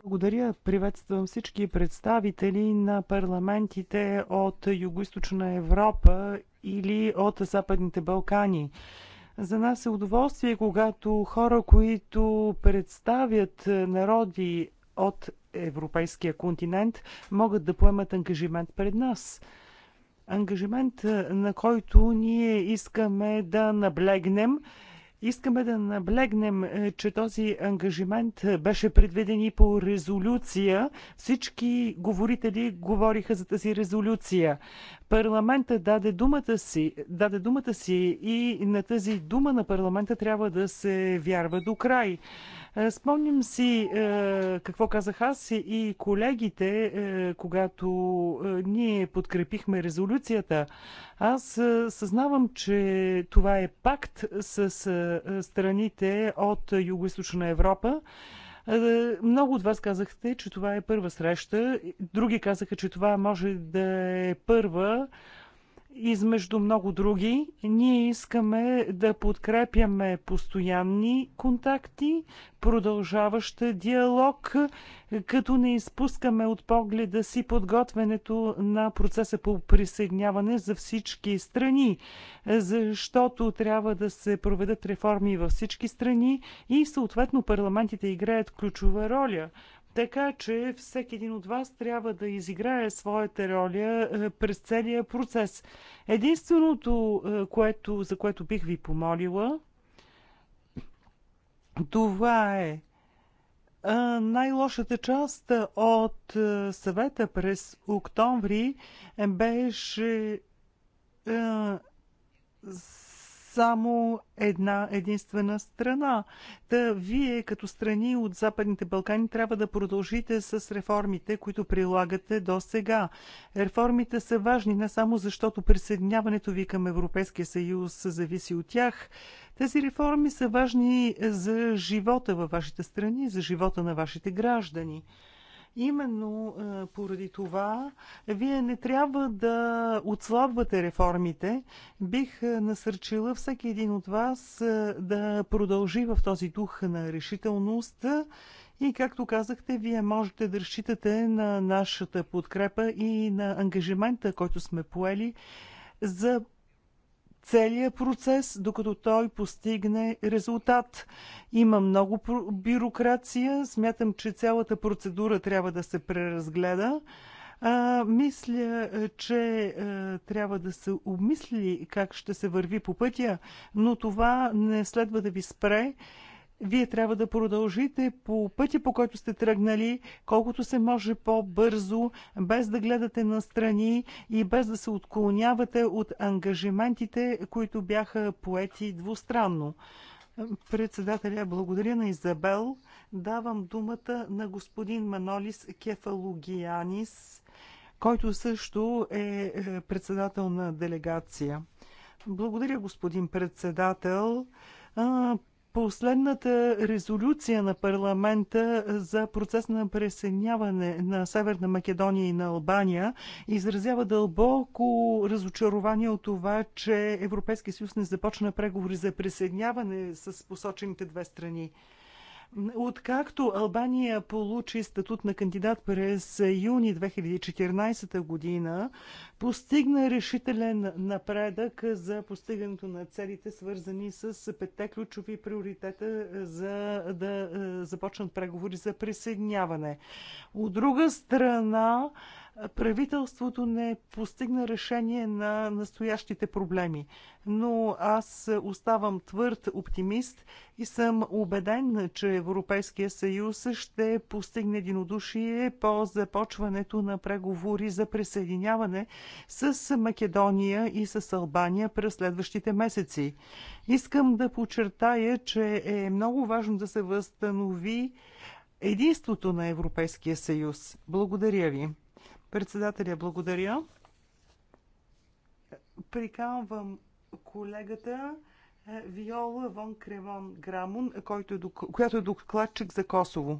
Благодаря. Приветствам всички представители на парламентите от Юго-Источна Европа или от Западните Балкани. За нас е удоволствие, когато хора, които представят народи от европейския континент, могат да поемат ангажимент пред нас. Ангажимент, на който ние искаме да наблегнем – Искаме да наблегнем, е, че този ангажимент е, беше предведен и по резолюция. Всички говорители говориха за тази резолюция. Парламента даде думата си, даде думата си и на тази дума на парламента трябва да се вярва до край. Е, спомням си е, какво казах аз и колегите, е, когато ние подкрепихме резолюцията. Аз съзнавам, че това е пакт с страните от юго Европа. Много от вас казахте, че това е първа среща. Други казаха, че това може да е първа Измежду много други, ние искаме да подкрепяме постоянни контакти, продължаващ диалог, като не изпускаме от погледа си подготвянето на процеса по присъединяване за всички страни, защото трябва да се проведат реформи във всички страни и съответно парламентите играят ключова роля. Така че всеки един от вас трябва да изиграе своята роля е, през целия процес. Единственото, е, което, за което бих ви помолила, това е, е най-лошата част от съвета през октомври беше само една единствена страна. Та вие като страни от Западните Балкани трябва да продължите с реформите, които прилагате до сега. Реформите са важни не само защото присъединяването ви към Европейския съюз зависи от тях. Тези реформи са важни за живота във вашите страни, за живота на вашите граждани. Именно е, поради това вие не трябва да отслабвате реформите. Бих е, насърчила всеки един от вас е, да продължи в този дух на решителност и както казахте, вие можете да разчитате на нашата подкрепа и на ангажимента, който сме поели за Целият процес, докато той постигне резултат. Има много бюрокрация. Смятам, че цялата процедура трябва да се преразгледа. А, мисля, че а, трябва да се обмисли как ще се върви по пътя, но това не следва да ви спре вие трябва да продължите по пътя, по който сте тръгнали, колкото се може по-бързо, без да гледате настрани и без да се отклонявате от ангажиментите, които бяха поети двустранно. Председателя, благодаря на Изабел. Давам думата на господин Манолис Кефалогиянис, който също е, е председател на делегация. Благодаря, господин председател. Последната резолюция на парламента за процес на пресъединяване на Северна Македония и на Албания изразява дълбоко разочарование от това, че Европейския съюз не започна преговори за пресъединяване с посочените две страни. Откакто Албания получи статут на кандидат през юни 2014 година, постигна решителен напредък за постигането на целите, свързани с петте ключови приоритета за да е, започнат преговори за присъединяване. От друга страна, Правителството не постигна решение на настоящите проблеми, но аз оставам твърд оптимист и съм убеден, че Европейския съюз ще постигне единодушие по започването на преговори за присъединяване с Македония и с Албания през следващите месеци. Искам да подчертая, че е много важно да се възстанови единството на Европейския съюз. Благодаря ви. Председателя, благодаря. Приканвам колегата е, Виола Вон Кревон Грамун, който е, която е докладчик за Косово.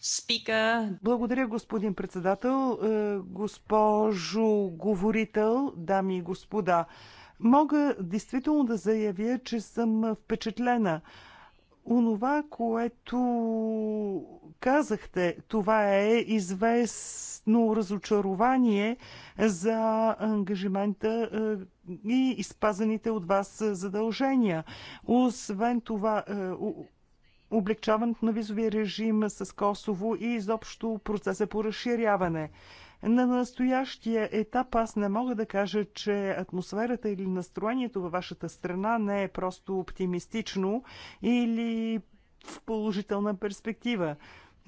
Спика. Благодаря, господин председател, е, госпожо говорител, дами и господа. Мога действително да заявя, че съм впечатлена. Онова, което казахте, това е известно разочарование за ангажимента е, и изпазаните от вас задължения. Освен това, е, облегчаването на визовия режим с Косово и изобщо процеса по разширяване. На настоящия етап аз не мога да кажа, че атмосферата или настроението във вашата страна не е просто оптимистично или в положителна перспектива.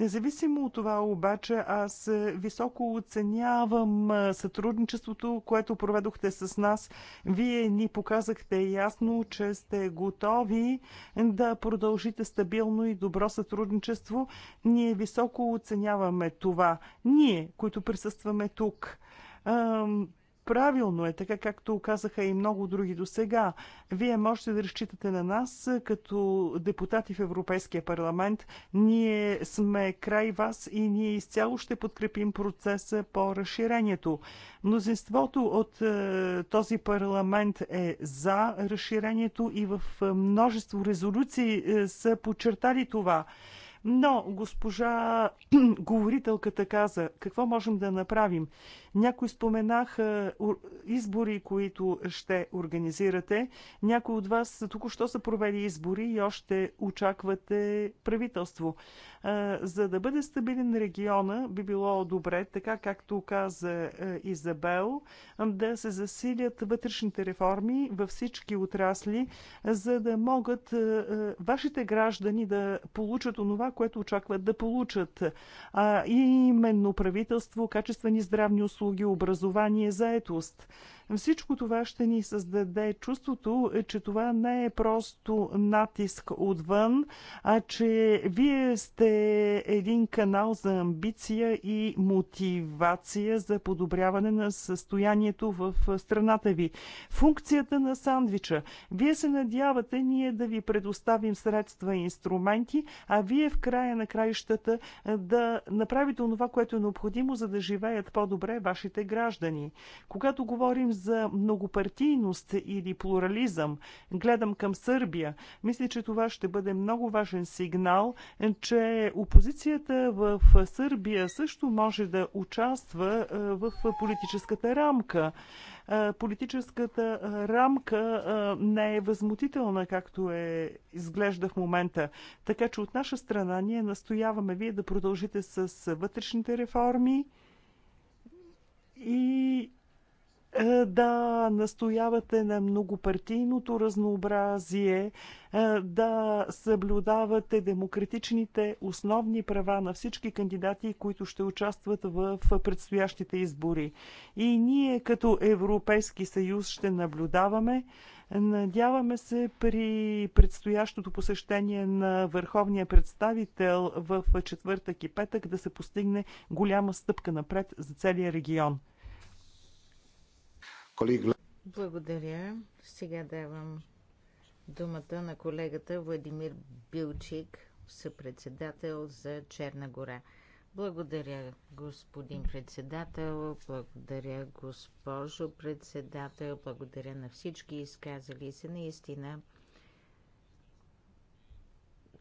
Независимо от това обаче, аз високо оценявам сътрудничеството, което проведохте с нас. Вие ни показахте ясно, че сте готови да продължите стабилно и добро сътрудничество. Ние високо оценяваме това. Ние, които присъстваме тук Правилно е, така както казаха и много други до сега. Вие можете да разчитате на нас като депутати в Европейския парламент. Ние сме край вас и ние изцяло ще подкрепим процеса по разширението. Мнозинството от е, този парламент е за разширението и в множество резолюции е, са подчертали това. Но госпожа говорителката каза, какво можем да направим? Някои споменаха е, избори, които ще организирате. Някои от вас току-що са провели избори и още очаквате правителство. Е, за да бъде стабилен региона, би било добре, така както каза е, Изабел, да се засилят вътрешните реформи във всички отрасли, за да могат вашите граждани да получат онова, което очакват да получат. А именно правителство, качествени здравни услуги, услуги, образование, заетост. Всичко това ще ни създаде чувството, е, че това не е просто натиск отвън, а че вие сте един канал за амбиция и мотивация за подобряване на състоянието в страната ви. Функцията на сандвича. Вие се надявате ние да ви предоставим средства и инструменти, а вие в края на краищата е, да направите онова, което е необходимо, за да живеят по-добре вашите граждани. Когато говорим за многопартийност или плурализъм. Гледам към Сърбия. Мисля, че това ще бъде много важен сигнал, че опозицията в Сърбия също може да участва в политическата рамка. Политическата рамка не е възмутителна, както е изглежда в момента. Така че от наша страна ние настояваме вие да продължите с вътрешните реформи и е, да настоявате на многопартийното разнообразие, е, да съблюдавате демократичните основни права на всички кандидати, които ще участват в предстоящите избори. И ние като Европейски съюз ще наблюдаваме. Надяваме се при предстоящото посещение на върховния представител в четвъртък и петък да се постигне голяма стъпка напред за целия регион.
Благодаря. Сега давам думата на колегата Владимир Билчик, съпредседател за Черна гора. Благодаря, господин председател, благодаря, госпожо председател, благодаря на всички изказали се. Наистина,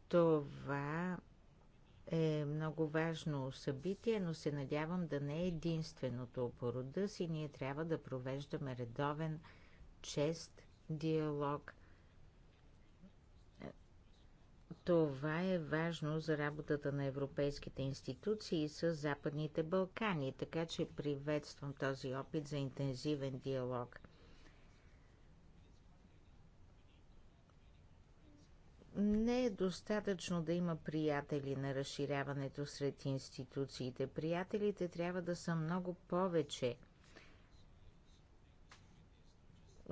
това е много важно събитие, но се надявам да не е единственото по рода си. Ние трябва да провеждаме редовен, чест диалог. Това е важно за работата на европейските институции с Западните Балкани, така че приветствам този опит за интензивен диалог – не е достатъчно да има приятели на разширяването сред институциите. Приятелите трябва да са много повече.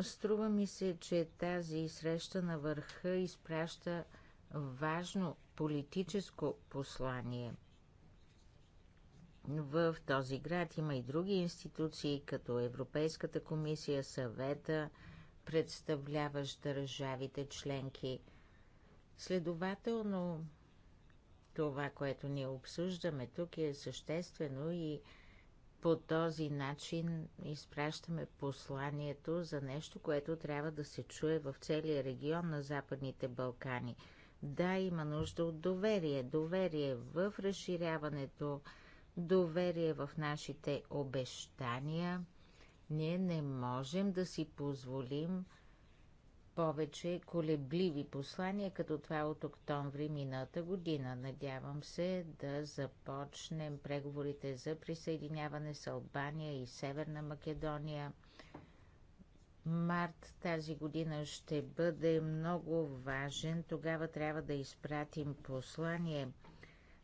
Струва ми се, че тази среща на върха изпраща важно политическо послание. В този град има и други институции, като Европейската комисия, съвета, представляващ държавите членки – Следователно, това, което ние обсъждаме тук е съществено и по този начин изпращаме посланието за нещо, което трябва да се чуе в целия регион на Западните Балкани. Да, има нужда от доверие. Доверие в разширяването, доверие в нашите обещания. Ние не можем да си позволим повече колебливи послания, като това е от октомври миналата година. Надявам се да започнем преговорите за присъединяване с Албания и Северна Македония. Март тази година ще бъде много важен. Тогава трябва да изпратим послание,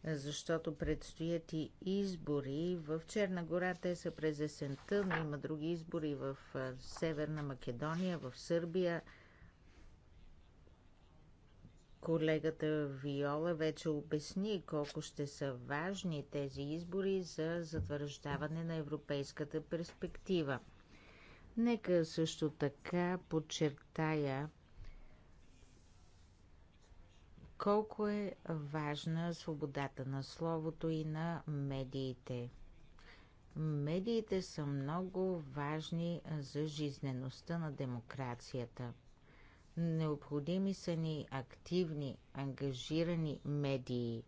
защото предстоят и избори. В Черна гора те са през есента, но има други избори в Северна Македония, в Сърбия – Колегата Виола вече обясни колко ще са важни тези избори за затвърждаване на европейската перспектива. Нека също така подчертая колко е важна свободата на словото и на медиите. Медиите са много важни за жизнеността на демокрацията – Необходими са ни активни, ангажирани медии.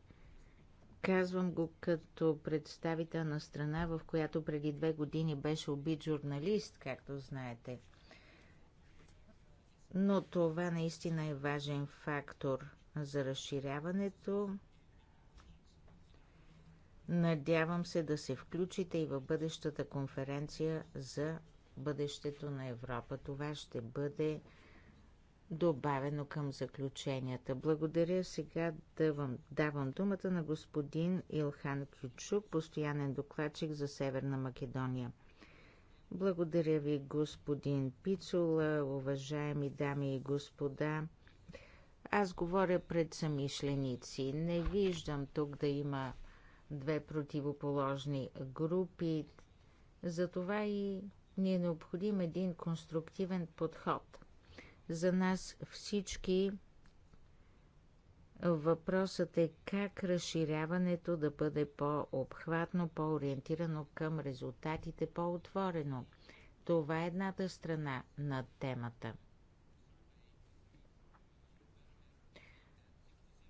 Казвам го като представител на страна, в която преди две години беше убит журналист, както знаете. Но това наистина е важен фактор за разширяването. Надявам се да се включите и в бъдещата конференция за бъдещето на Европа. Това ще бъде добавено към заключенията. Благодаря сега давам, давам думата на господин Илхан Кючук, постоянен докладчик за Северна Македония. Благодаря ви, господин Пицула, уважаеми дами и господа. Аз говоря пред самишленици. Не виждам тук да има две противоположни групи. Затова и ни е необходим един конструктивен подход – за нас всички въпросът е как разширяването да бъде по-обхватно, по-ориентирано към резултатите, по-отворено. Това е едната страна на темата –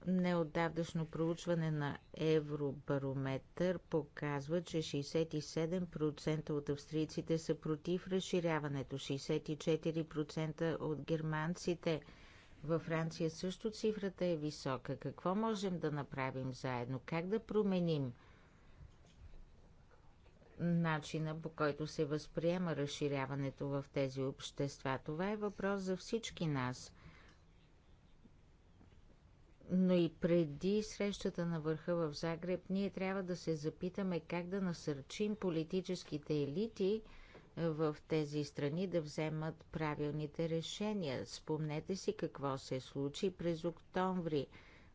Неотдавдашно проучване на Евробарометър показва, че 67% от австрийците са против разширяването, 64% от германците. Във Франция също цифрата е висока. Какво можем да направим заедно? Как да променим начина по който се възприема разширяването в тези общества? Това е въпрос за всички нас – но и преди срещата на върха в Загреб, ние трябва да се запитаме как да насърчим политическите елити в тези страни да вземат правилните решения. Спомнете си какво се случи през октомври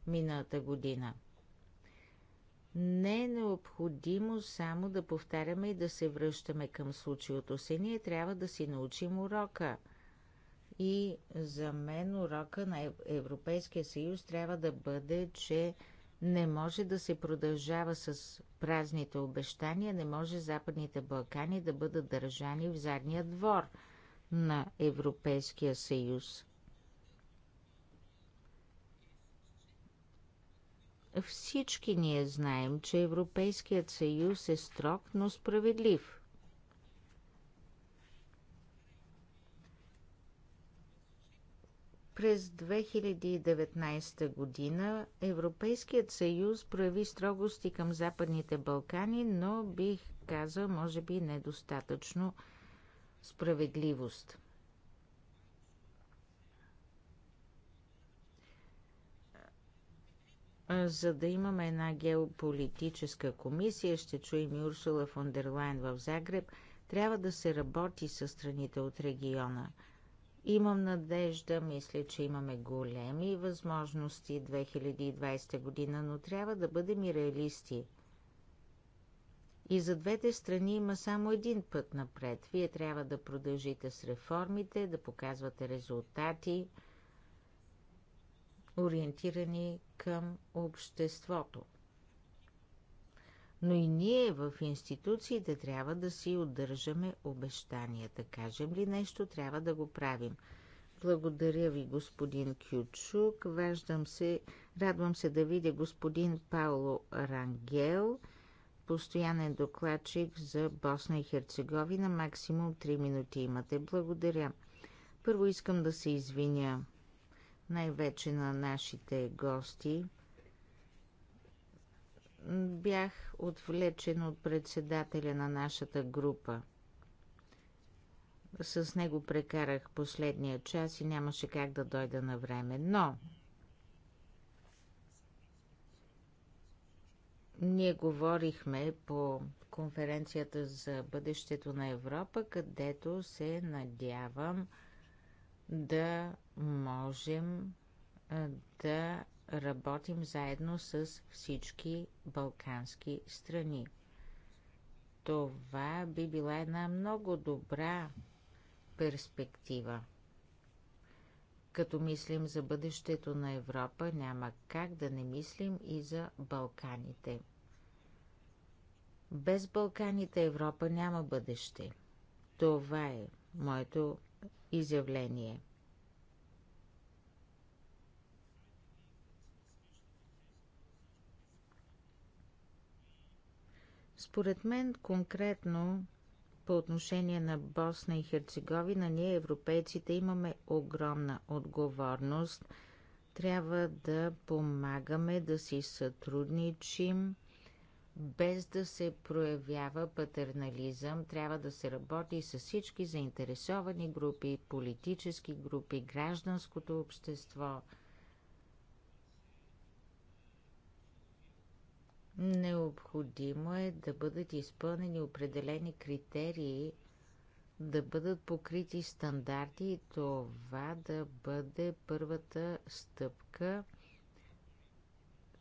миналата година. Не е необходимо само да повтаряме и да се връщаме към случилото се. Ние трябва да си научим урока – и за мен урока на Европейския съюз трябва да бъде, че не може да се продължава с празните обещания, не може Западните Балкани да бъдат държани в задния двор на Европейския съюз. Всички ние знаем, че Европейският съюз е строг, но справедлив – През 2019 година Европейският съюз прояви строгости към Западните Балкани, но бих казал, може би недостатъчно справедливост. За да имаме една геополитическа комисия, ще чуем и Урсула фон дер Лайн в Загреб, трябва да се работи с страните от региона – Имам надежда, мисля, че имаме големи възможности 2020 година, но трябва да бъдем и реалисти. И за двете страни има само един път напред. Вие трябва да продължите с реформите, да показвате резултати, ориентирани към обществото но и ние в институциите трябва да си удържаме обещанията. Кажем ли нещо, трябва да го правим. Благодаря ви, господин Кючук. Веждам се, радвам се да видя господин Пауло Рангел, постоянен докладчик за Босна и Херцеговина. Максимум 3 минути имате. Благодаря. Първо искам да се извиня най-вече на нашите гости – бях отвлечен от председателя на нашата група. С него прекарах последния час и нямаше как да дойда на време, но ние говорихме по конференцията за бъдещето на Европа, където се надявам да можем да работим заедно с всички балкански страни. Това би била една много добра перспектива. Като мислим за бъдещето на Европа, няма как да не мислим и за Балканите. Без Балканите Европа няма бъдеще. Това е моето изявление – Според мен конкретно по отношение на Босна и Херцеговина, ние европейците имаме огромна отговорност. Трябва да помагаме, да си сътрудничим, без да се проявява патернализъм. Трябва да се работи с всички заинтересовани групи, политически групи, гражданското общество – Необходимо е да бъдат изпълнени определени критерии, да бъдат покрити стандарти и това да бъде първата стъпка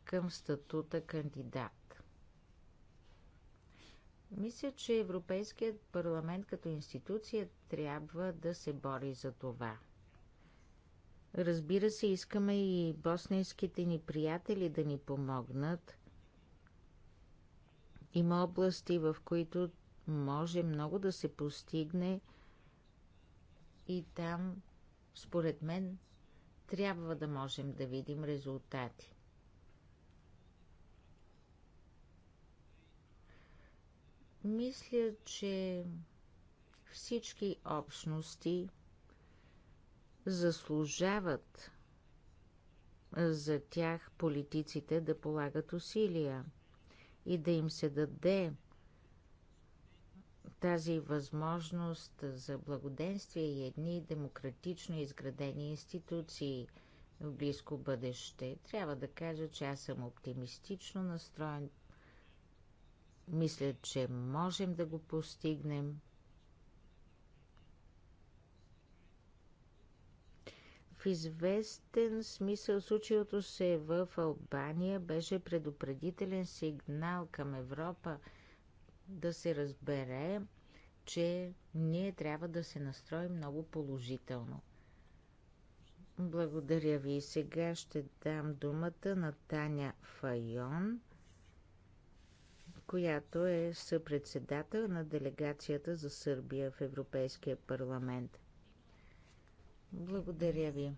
към статута кандидат. Мисля, че Европейският парламент като институция трябва да се бори за това. Разбира се, искаме и босненските ни приятели да ни помогнат – има области, в които може много да се постигне и там, според мен, трябва да можем да видим резултати. Мисля, че всички общности заслужават за тях политиците да полагат усилия – и да им се даде тази възможност за благоденствие и едни демократично изградени институции в близко бъдеще. Трябва да кажа, че аз съм оптимистично настроен. Мисля, че можем да го постигнем. В известен смисъл случилото се в Албания беше предупредителен сигнал към Европа да се разбере, че ние трябва да се настроим много положително. Благодаря ви. Сега ще дам думата на Таня Файон, която е съпредседател на делегацията за Сърбия в Европейския парламент. Благодаря ви.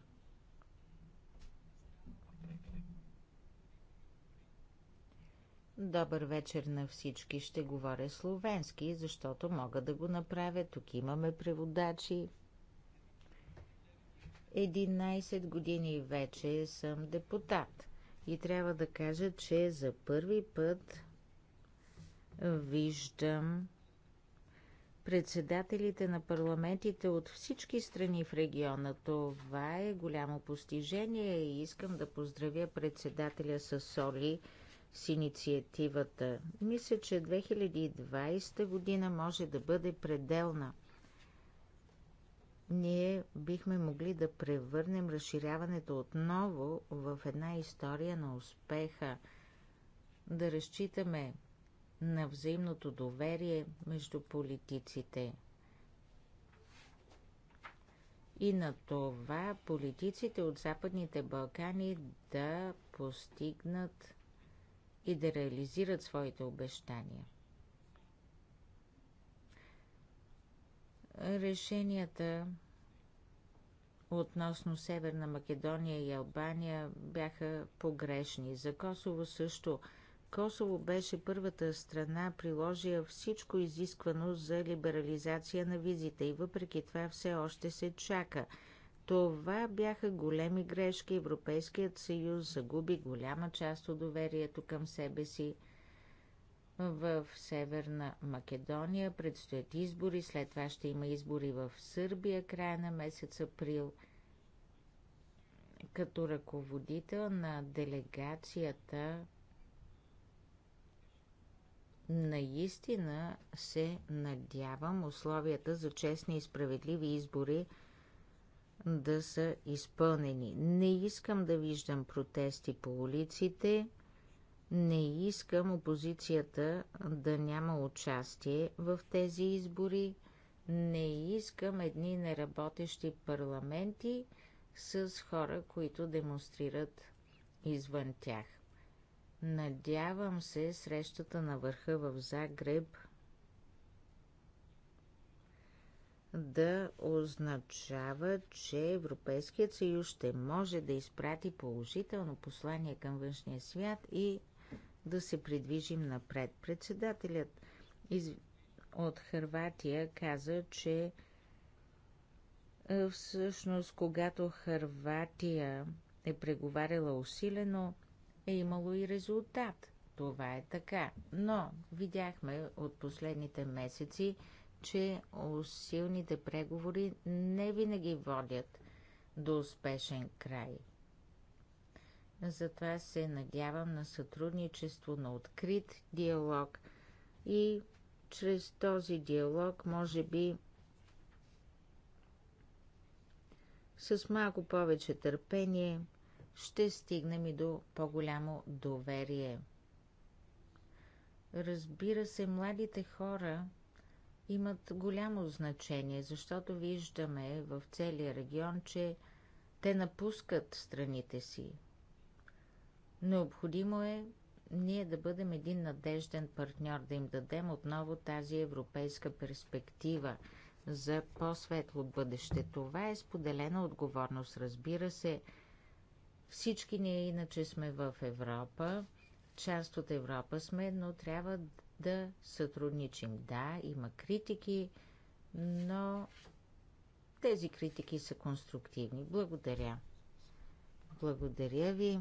Добър вечер на всички. Ще говоря словенски, защото мога да го направя. Тук имаме преводачи. 11 години вече съм депутат. И трябва да кажа, че за първи път виждам председателите на парламентите от всички страни в региона. Това е голямо постижение и искам да поздравя председателя Соли с инициативата. Мисля, че 2020 година може да бъде пределна. Ние бихме могли да превърнем разширяването отново в една история на успеха. Да разчитаме на взаимното доверие между политиците. И на това политиците от Западните Балкани да постигнат и да реализират своите обещания. Решенията относно Северна Македония и Албания бяха погрешни. За Косово също – Косово беше първата страна, приложила всичко изисквано за либерализация на визите и въпреки това все още се чака. Това бяха големи грешки. Европейският съюз загуби голяма част от доверието към себе си. В Северна Македония предстоят избори, след това ще има избори в Сърбия края на месец април. Като ръководител на делегацията Наистина се надявам условията за честни и справедливи избори да са изпълнени. Не искам да виждам протести по улиците, не искам опозицията да няма участие в тези избори, не искам едни неработещи парламенти с хора, които демонстрират извън тях. Надявам се срещата на върха в Загреб да означава, че Европейският съюз ще може да изпрати положително послание към външния свят и да се придвижим напред. Председателят из... от Харватия каза, че всъщност, когато Харватия е преговаряла усилено, е имало и резултат. Това е така. Но видяхме от последните месеци, че усилните преговори не винаги водят до успешен край. Затова се надявам на сътрудничество, на открит диалог и чрез този диалог, може би, с малко повече търпение – ще стигнем и до по-голямо доверие. Разбира се, младите хора имат голямо значение, защото виждаме в целия регион, че те напускат страните си. Необходимо е ние да бъдем един надежден партньор, да им дадем отново тази европейска перспектива за по-светло бъдеще. Това е споделена отговорност, разбира се, всички ние иначе сме в Европа, част от Европа сме, но трябва да сътрудничим. Да, има критики, но тези критики са конструктивни. Благодаря. Благодаря ви.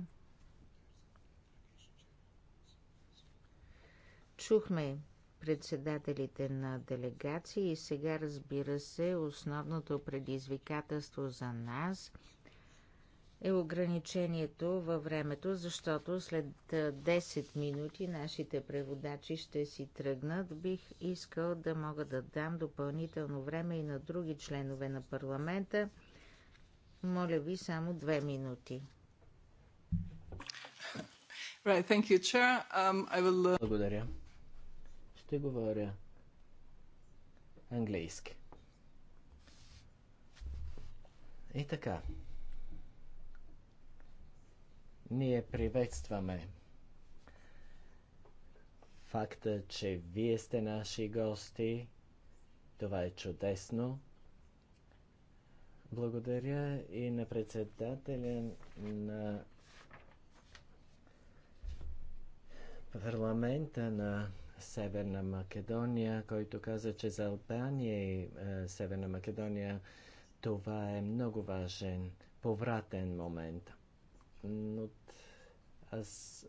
Чухме председателите на делегации и сега разбира се основното предизвикателство за нас – е ограничението във времето, защото след 10 минути нашите преводачи ще си тръгнат. Бих искал да мога да дам допълнително време и на други членове на парламента. Моля ви само две минути. Right, thank
you, Chair. Um, I will... Uh, Благодаря. Ще говоря английски. И така. Ние приветстваме факта, че вие сте наши гости. Това е чудесно. Благодаря и на председателя на парламента на Северна Македония, който каза, че за Албания и е, Северна Македония това е много важен повратен момент но аз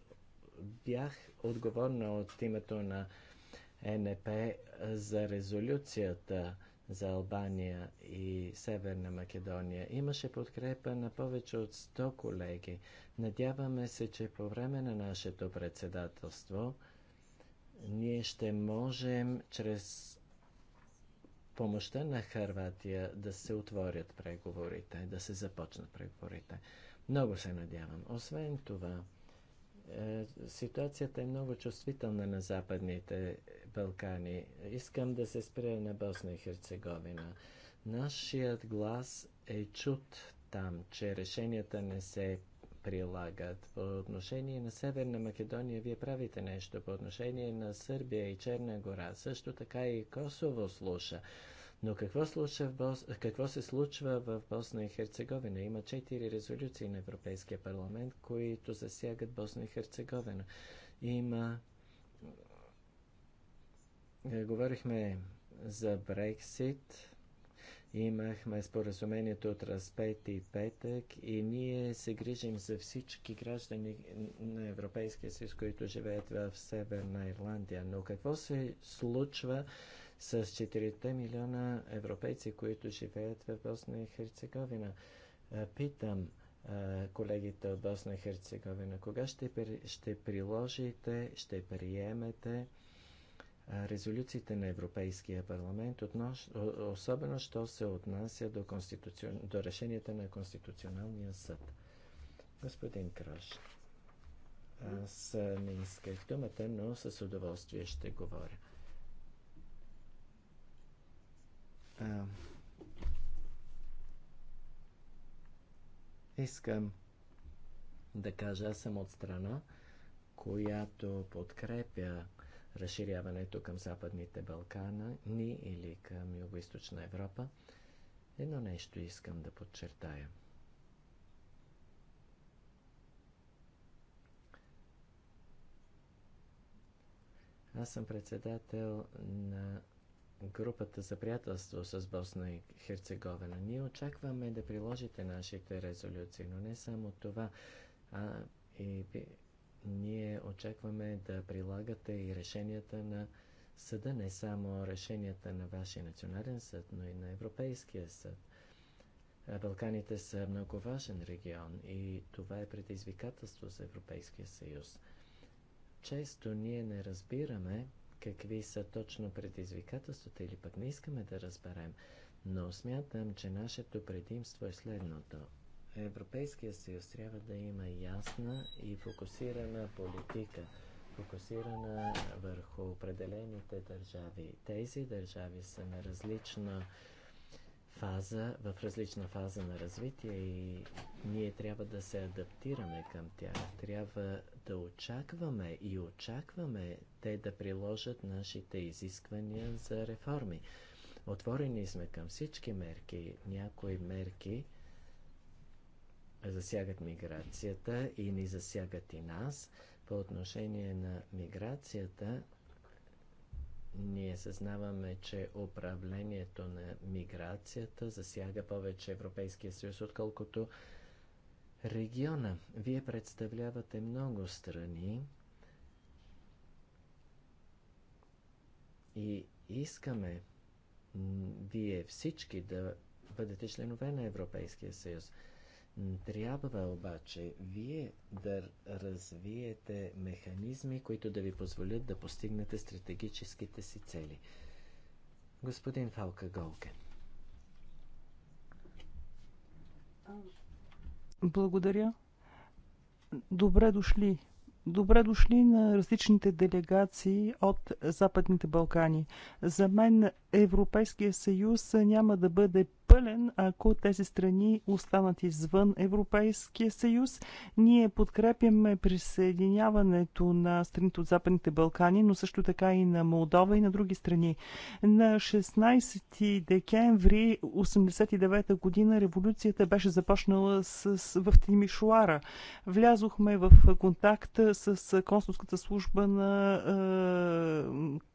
бях отговорна от името на НП за резолюцията за Албания и Северна Македония. Имаше подкрепа на повече от 100 колеги. Надяваме се, че по време на нашето председателство ние ще можем чрез помощта на Харватия да се отворят преговорите, да се започнат преговорите. Много се надявам. Освен това, е, ситуацията е много чувствителна на Западните Балкани. Искам да се спре на Босна и Херцеговина. Нашият глас е чут там, че решенията не се прилагат. По отношение на Северна Македония вие правите нещо. По отношение на Сърбия и Черна гора. Също така и Косово слуша. Но какво, случва в Бос... какво се случва в Босна и Херцеговина? Има четири резолюции на Европейския парламент, които засягат Босна и Херцеговина. Има. Е, говорихме за Брексит. Имахме споразумението от разпет и петък и ние се грижим за всички граждани на Европейския съюз, които живеят в Северна Ирландия. Но какво се случва с 4 милиона европейци, които живеят в Босна и Херцеговина. Е, питам е, колегите от Босна и Херцеговина, кога ще, ще приложите, ще приемете е, резолюциите на Европейския парламент, особено що се отнася до, конституцион, до решенията на Конституционалния съд. Господин Краш, аз не исках думата, но с удоволствие ще говоря. Искам да кажа, аз съм от страна, която подкрепя разширяването към Западните Балкана, ни или към Юго-Источна Европа. Едно нещо искам да подчертая. Аз съм председател на групата за приятелство с Босна и Херцеговина. Ние очакваме да приложите нашите резолюции, но не само това. А, и, и, ние очакваме да прилагате и решенията на съда, не само решенията на вашия национален съд, но и на Европейския съд. Балканите са много важен регион и това е предизвикателство за Европейския съюз. Често ние не разбираме какви са точно предизвикателствата или пък не искаме да разберем. Но смятам, че нашето предимство е следното. Европейския съюз трябва да има ясна и фокусирана политика, фокусирана върху определените държави. Тези държави са на различна фаза, в различна фаза на развитие и ние трябва да се адаптираме към тях. Трябва да очакваме и очакваме те да приложат нашите изисквания за реформи. Отворени сме към всички мерки. Някои мерки засягат миграцията и ни засягат и нас. По отношение на миграцията, ние съзнаваме, че управлението на миграцията засяга повече Европейския съюз, отколкото региона. Вие представлявате много страни и искаме вие всички да бъдете членове на Европейския съюз. Трябва обаче вие да развиете механизми, които да ви позволят да постигнете стратегическите си цели. Господин Фалка Голкен.
Благодаря. Добре дошли. Добре дошли на различните делегации от Западните Балкани. За мен Европейския съюз няма да бъде пълен, ако тези страни останат извън Европейския съюз. Ние подкрепяме присъединяването на страните от Западните Балкани, но също така и на Молдова и на други страни. На 16 декември 1989 година революцията беше започнала с, с, в Тимишуара. Влязохме в контакт с консулската служба на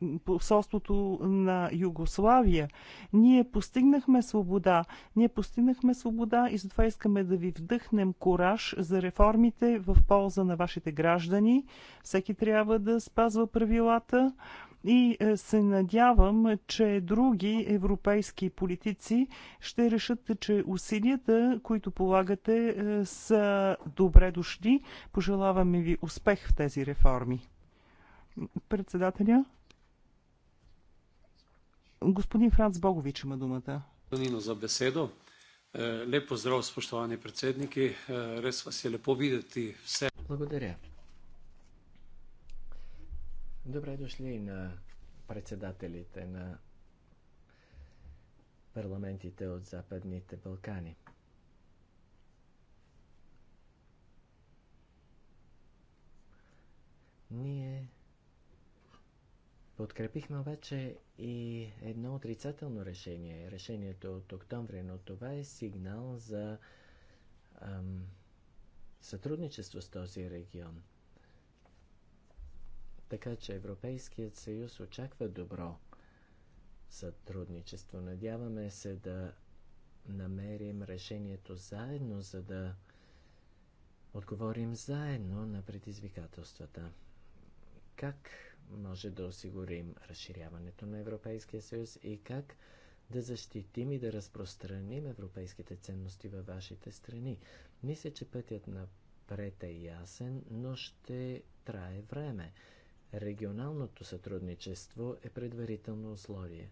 е, посолството на Югославия. Ние постигнахме свобода свобода. Ние постигнахме свобода и затова искаме да ви вдъхнем кораж за реформите в полза на вашите граждани. Всеки трябва да спазва правилата и е, се надявам, че други европейски политици ще решат, че усилията, които полагате, е, са добре дошли. Пожелаваме ви успех в тези реформи. Председателя? Господин Франц Богович има думата. Nino za besedo. Eh, lep pozdrav, spoštovani predsedniki. Eh, res vas je lepo videti vse.
Благодаря. Добре дошли на председателите на парламентите от Западните Балкани. Ние Подкрепихме обаче и едно отрицателно решение. Решението е от октомври, но това е сигнал за ам, сътрудничество с този регион. Така че Европейският съюз очаква добро сътрудничество. Надяваме се да намерим решението заедно, за да отговорим заедно на предизвикателствата как може да осигурим разширяването на Европейския съюз и как да защитим и да разпространим европейските ценности във вашите страни. Мисля, че пътят напред е ясен, но ще трае време. Регионалното сътрудничество е предварително условие.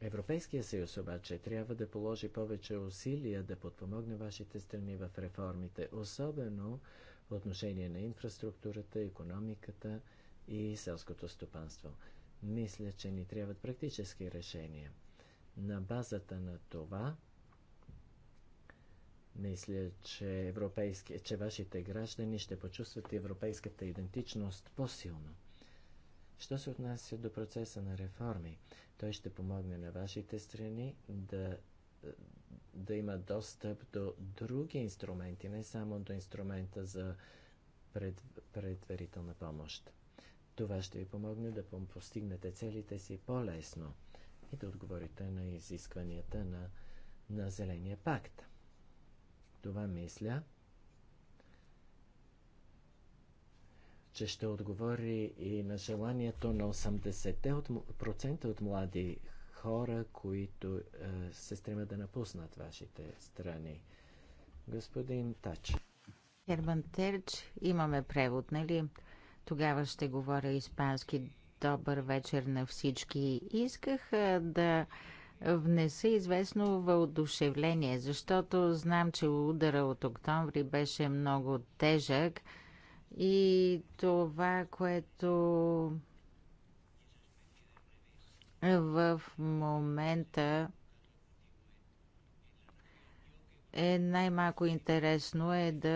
Европейския съюз обаче трябва да положи повече усилия да подпомогне вашите страни в реформите, особено по отношение на инфраструктурата, економиката и селското стопанство. Мисля, че ни трябват практически решения. На базата на това, мисля, че, европейски, че вашите граждани ще почувстват европейската идентичност по-силно. Що се отнася до процеса на реформи, той ще помогне на вашите страни да да има достъп до други инструменти, не само до инструмента за пред, предварителна помощ. Това ще ви помогне да постигнете целите си по-лесно и да отговорите на изискванията на, на Зеления пакт. Това мисля, че ще отговори и на желанието на 80% от, от млади хора, които е, се стремят да напуснат вашите страни. Господин Тач.
Ерман Терч, имаме превод, нали? Тогава ще говоря испански. Добър вечер на всички. Исках е, да внеса известно въодушевление, защото знам, че удара от октомври беше много тежък и това, което в момента е най-малко интересно е да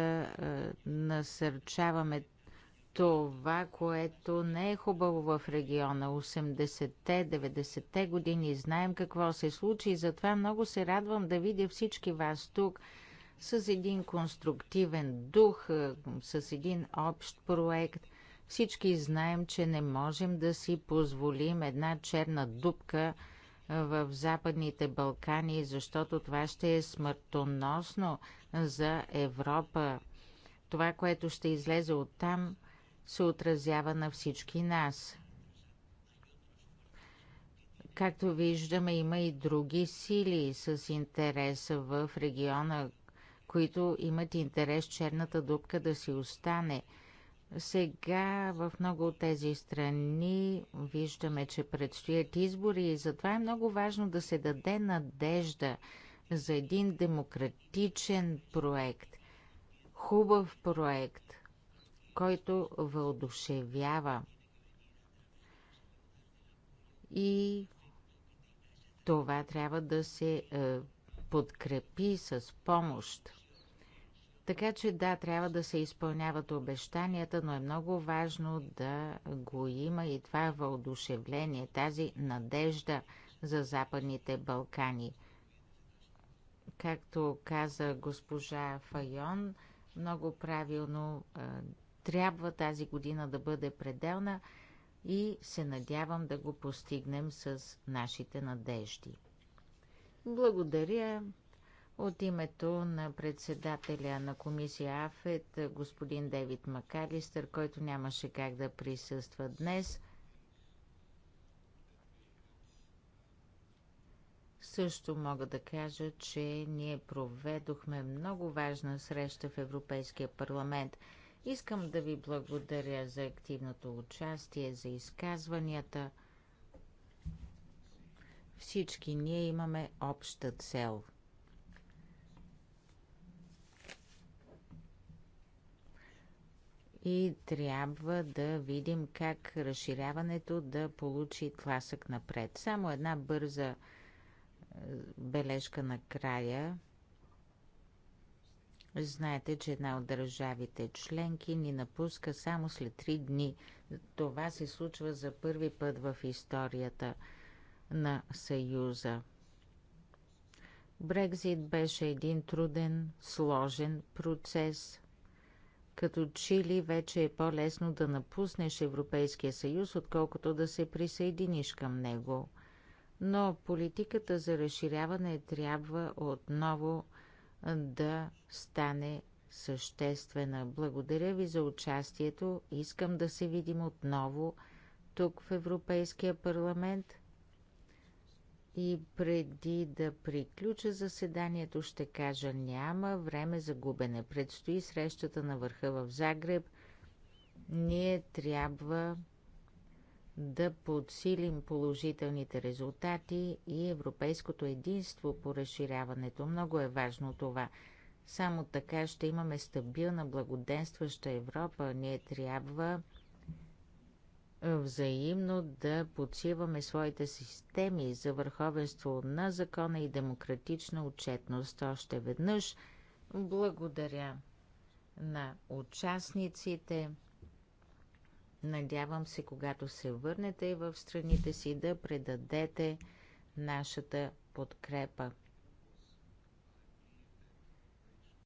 е, насърчаваме това, което не е хубаво в региона. 80-те, 90-те години знаем какво се случи и затова много се радвам да видя всички вас тук с един конструктивен дух, е, с един общ проект. Всички знаем, че не можем да си позволим една черна дупка в Западните Балкани, защото това ще е смъртоносно за Европа. Това, което ще излезе оттам, се отразява на всички нас. Както виждаме, има и други сили с интереса в региона, които имат интерес черната дупка да си остане – сега в много от тези страни виждаме, че предстоят избори и затова е много важно да се даде надежда за един демократичен проект, хубав проект, който въодушевява. И това трябва да се е, подкрепи с помощ. Така че да, трябва да се изпълняват обещанията, но е много важно да го има и това въодушевление, тази надежда за Западните Балкани. Както каза госпожа Файон, много правилно трябва тази година да бъде пределна и се надявам да го постигнем с нашите надежди. Благодаря. От името на председателя на комисия АФЕТ, господин Девид Макалистър, който нямаше как да присъства днес, също мога да кажа, че ние проведохме много важна среща в Европейския парламент. Искам да ви благодаря за активното участие, за изказванията. Всички ние имаме обща цел – и трябва да видим как разширяването да получи тласък напред. Само една бърза е, бележка на края. Знаете, че една от държавите членки ни напуска само след три дни. Това се случва за първи път в историята на Съюза. Брекзит беше един труден, сложен процес – като Чили, вече е по-лесно да напуснеш Европейския съюз, отколкото да се присъединиш към него. Но политиката за разширяване трябва отново да стане съществена. Благодаря ви за участието. Искам да се видим отново тук в Европейския парламент – и преди да приключа заседанието, ще кажа няма време за губене. Предстои срещата на върха в Загреб. Ние трябва да подсилим положителните резултати и европейското единство по разширяването. Много е важно това. Само така ще имаме стабилна, благоденстваща Европа. Ние трябва взаимно да подсиваме своите системи за върховенство на закона и демократична отчетност. Още веднъж благодаря на участниците. Надявам се, когато се върнете в страните си, да предадете нашата подкрепа.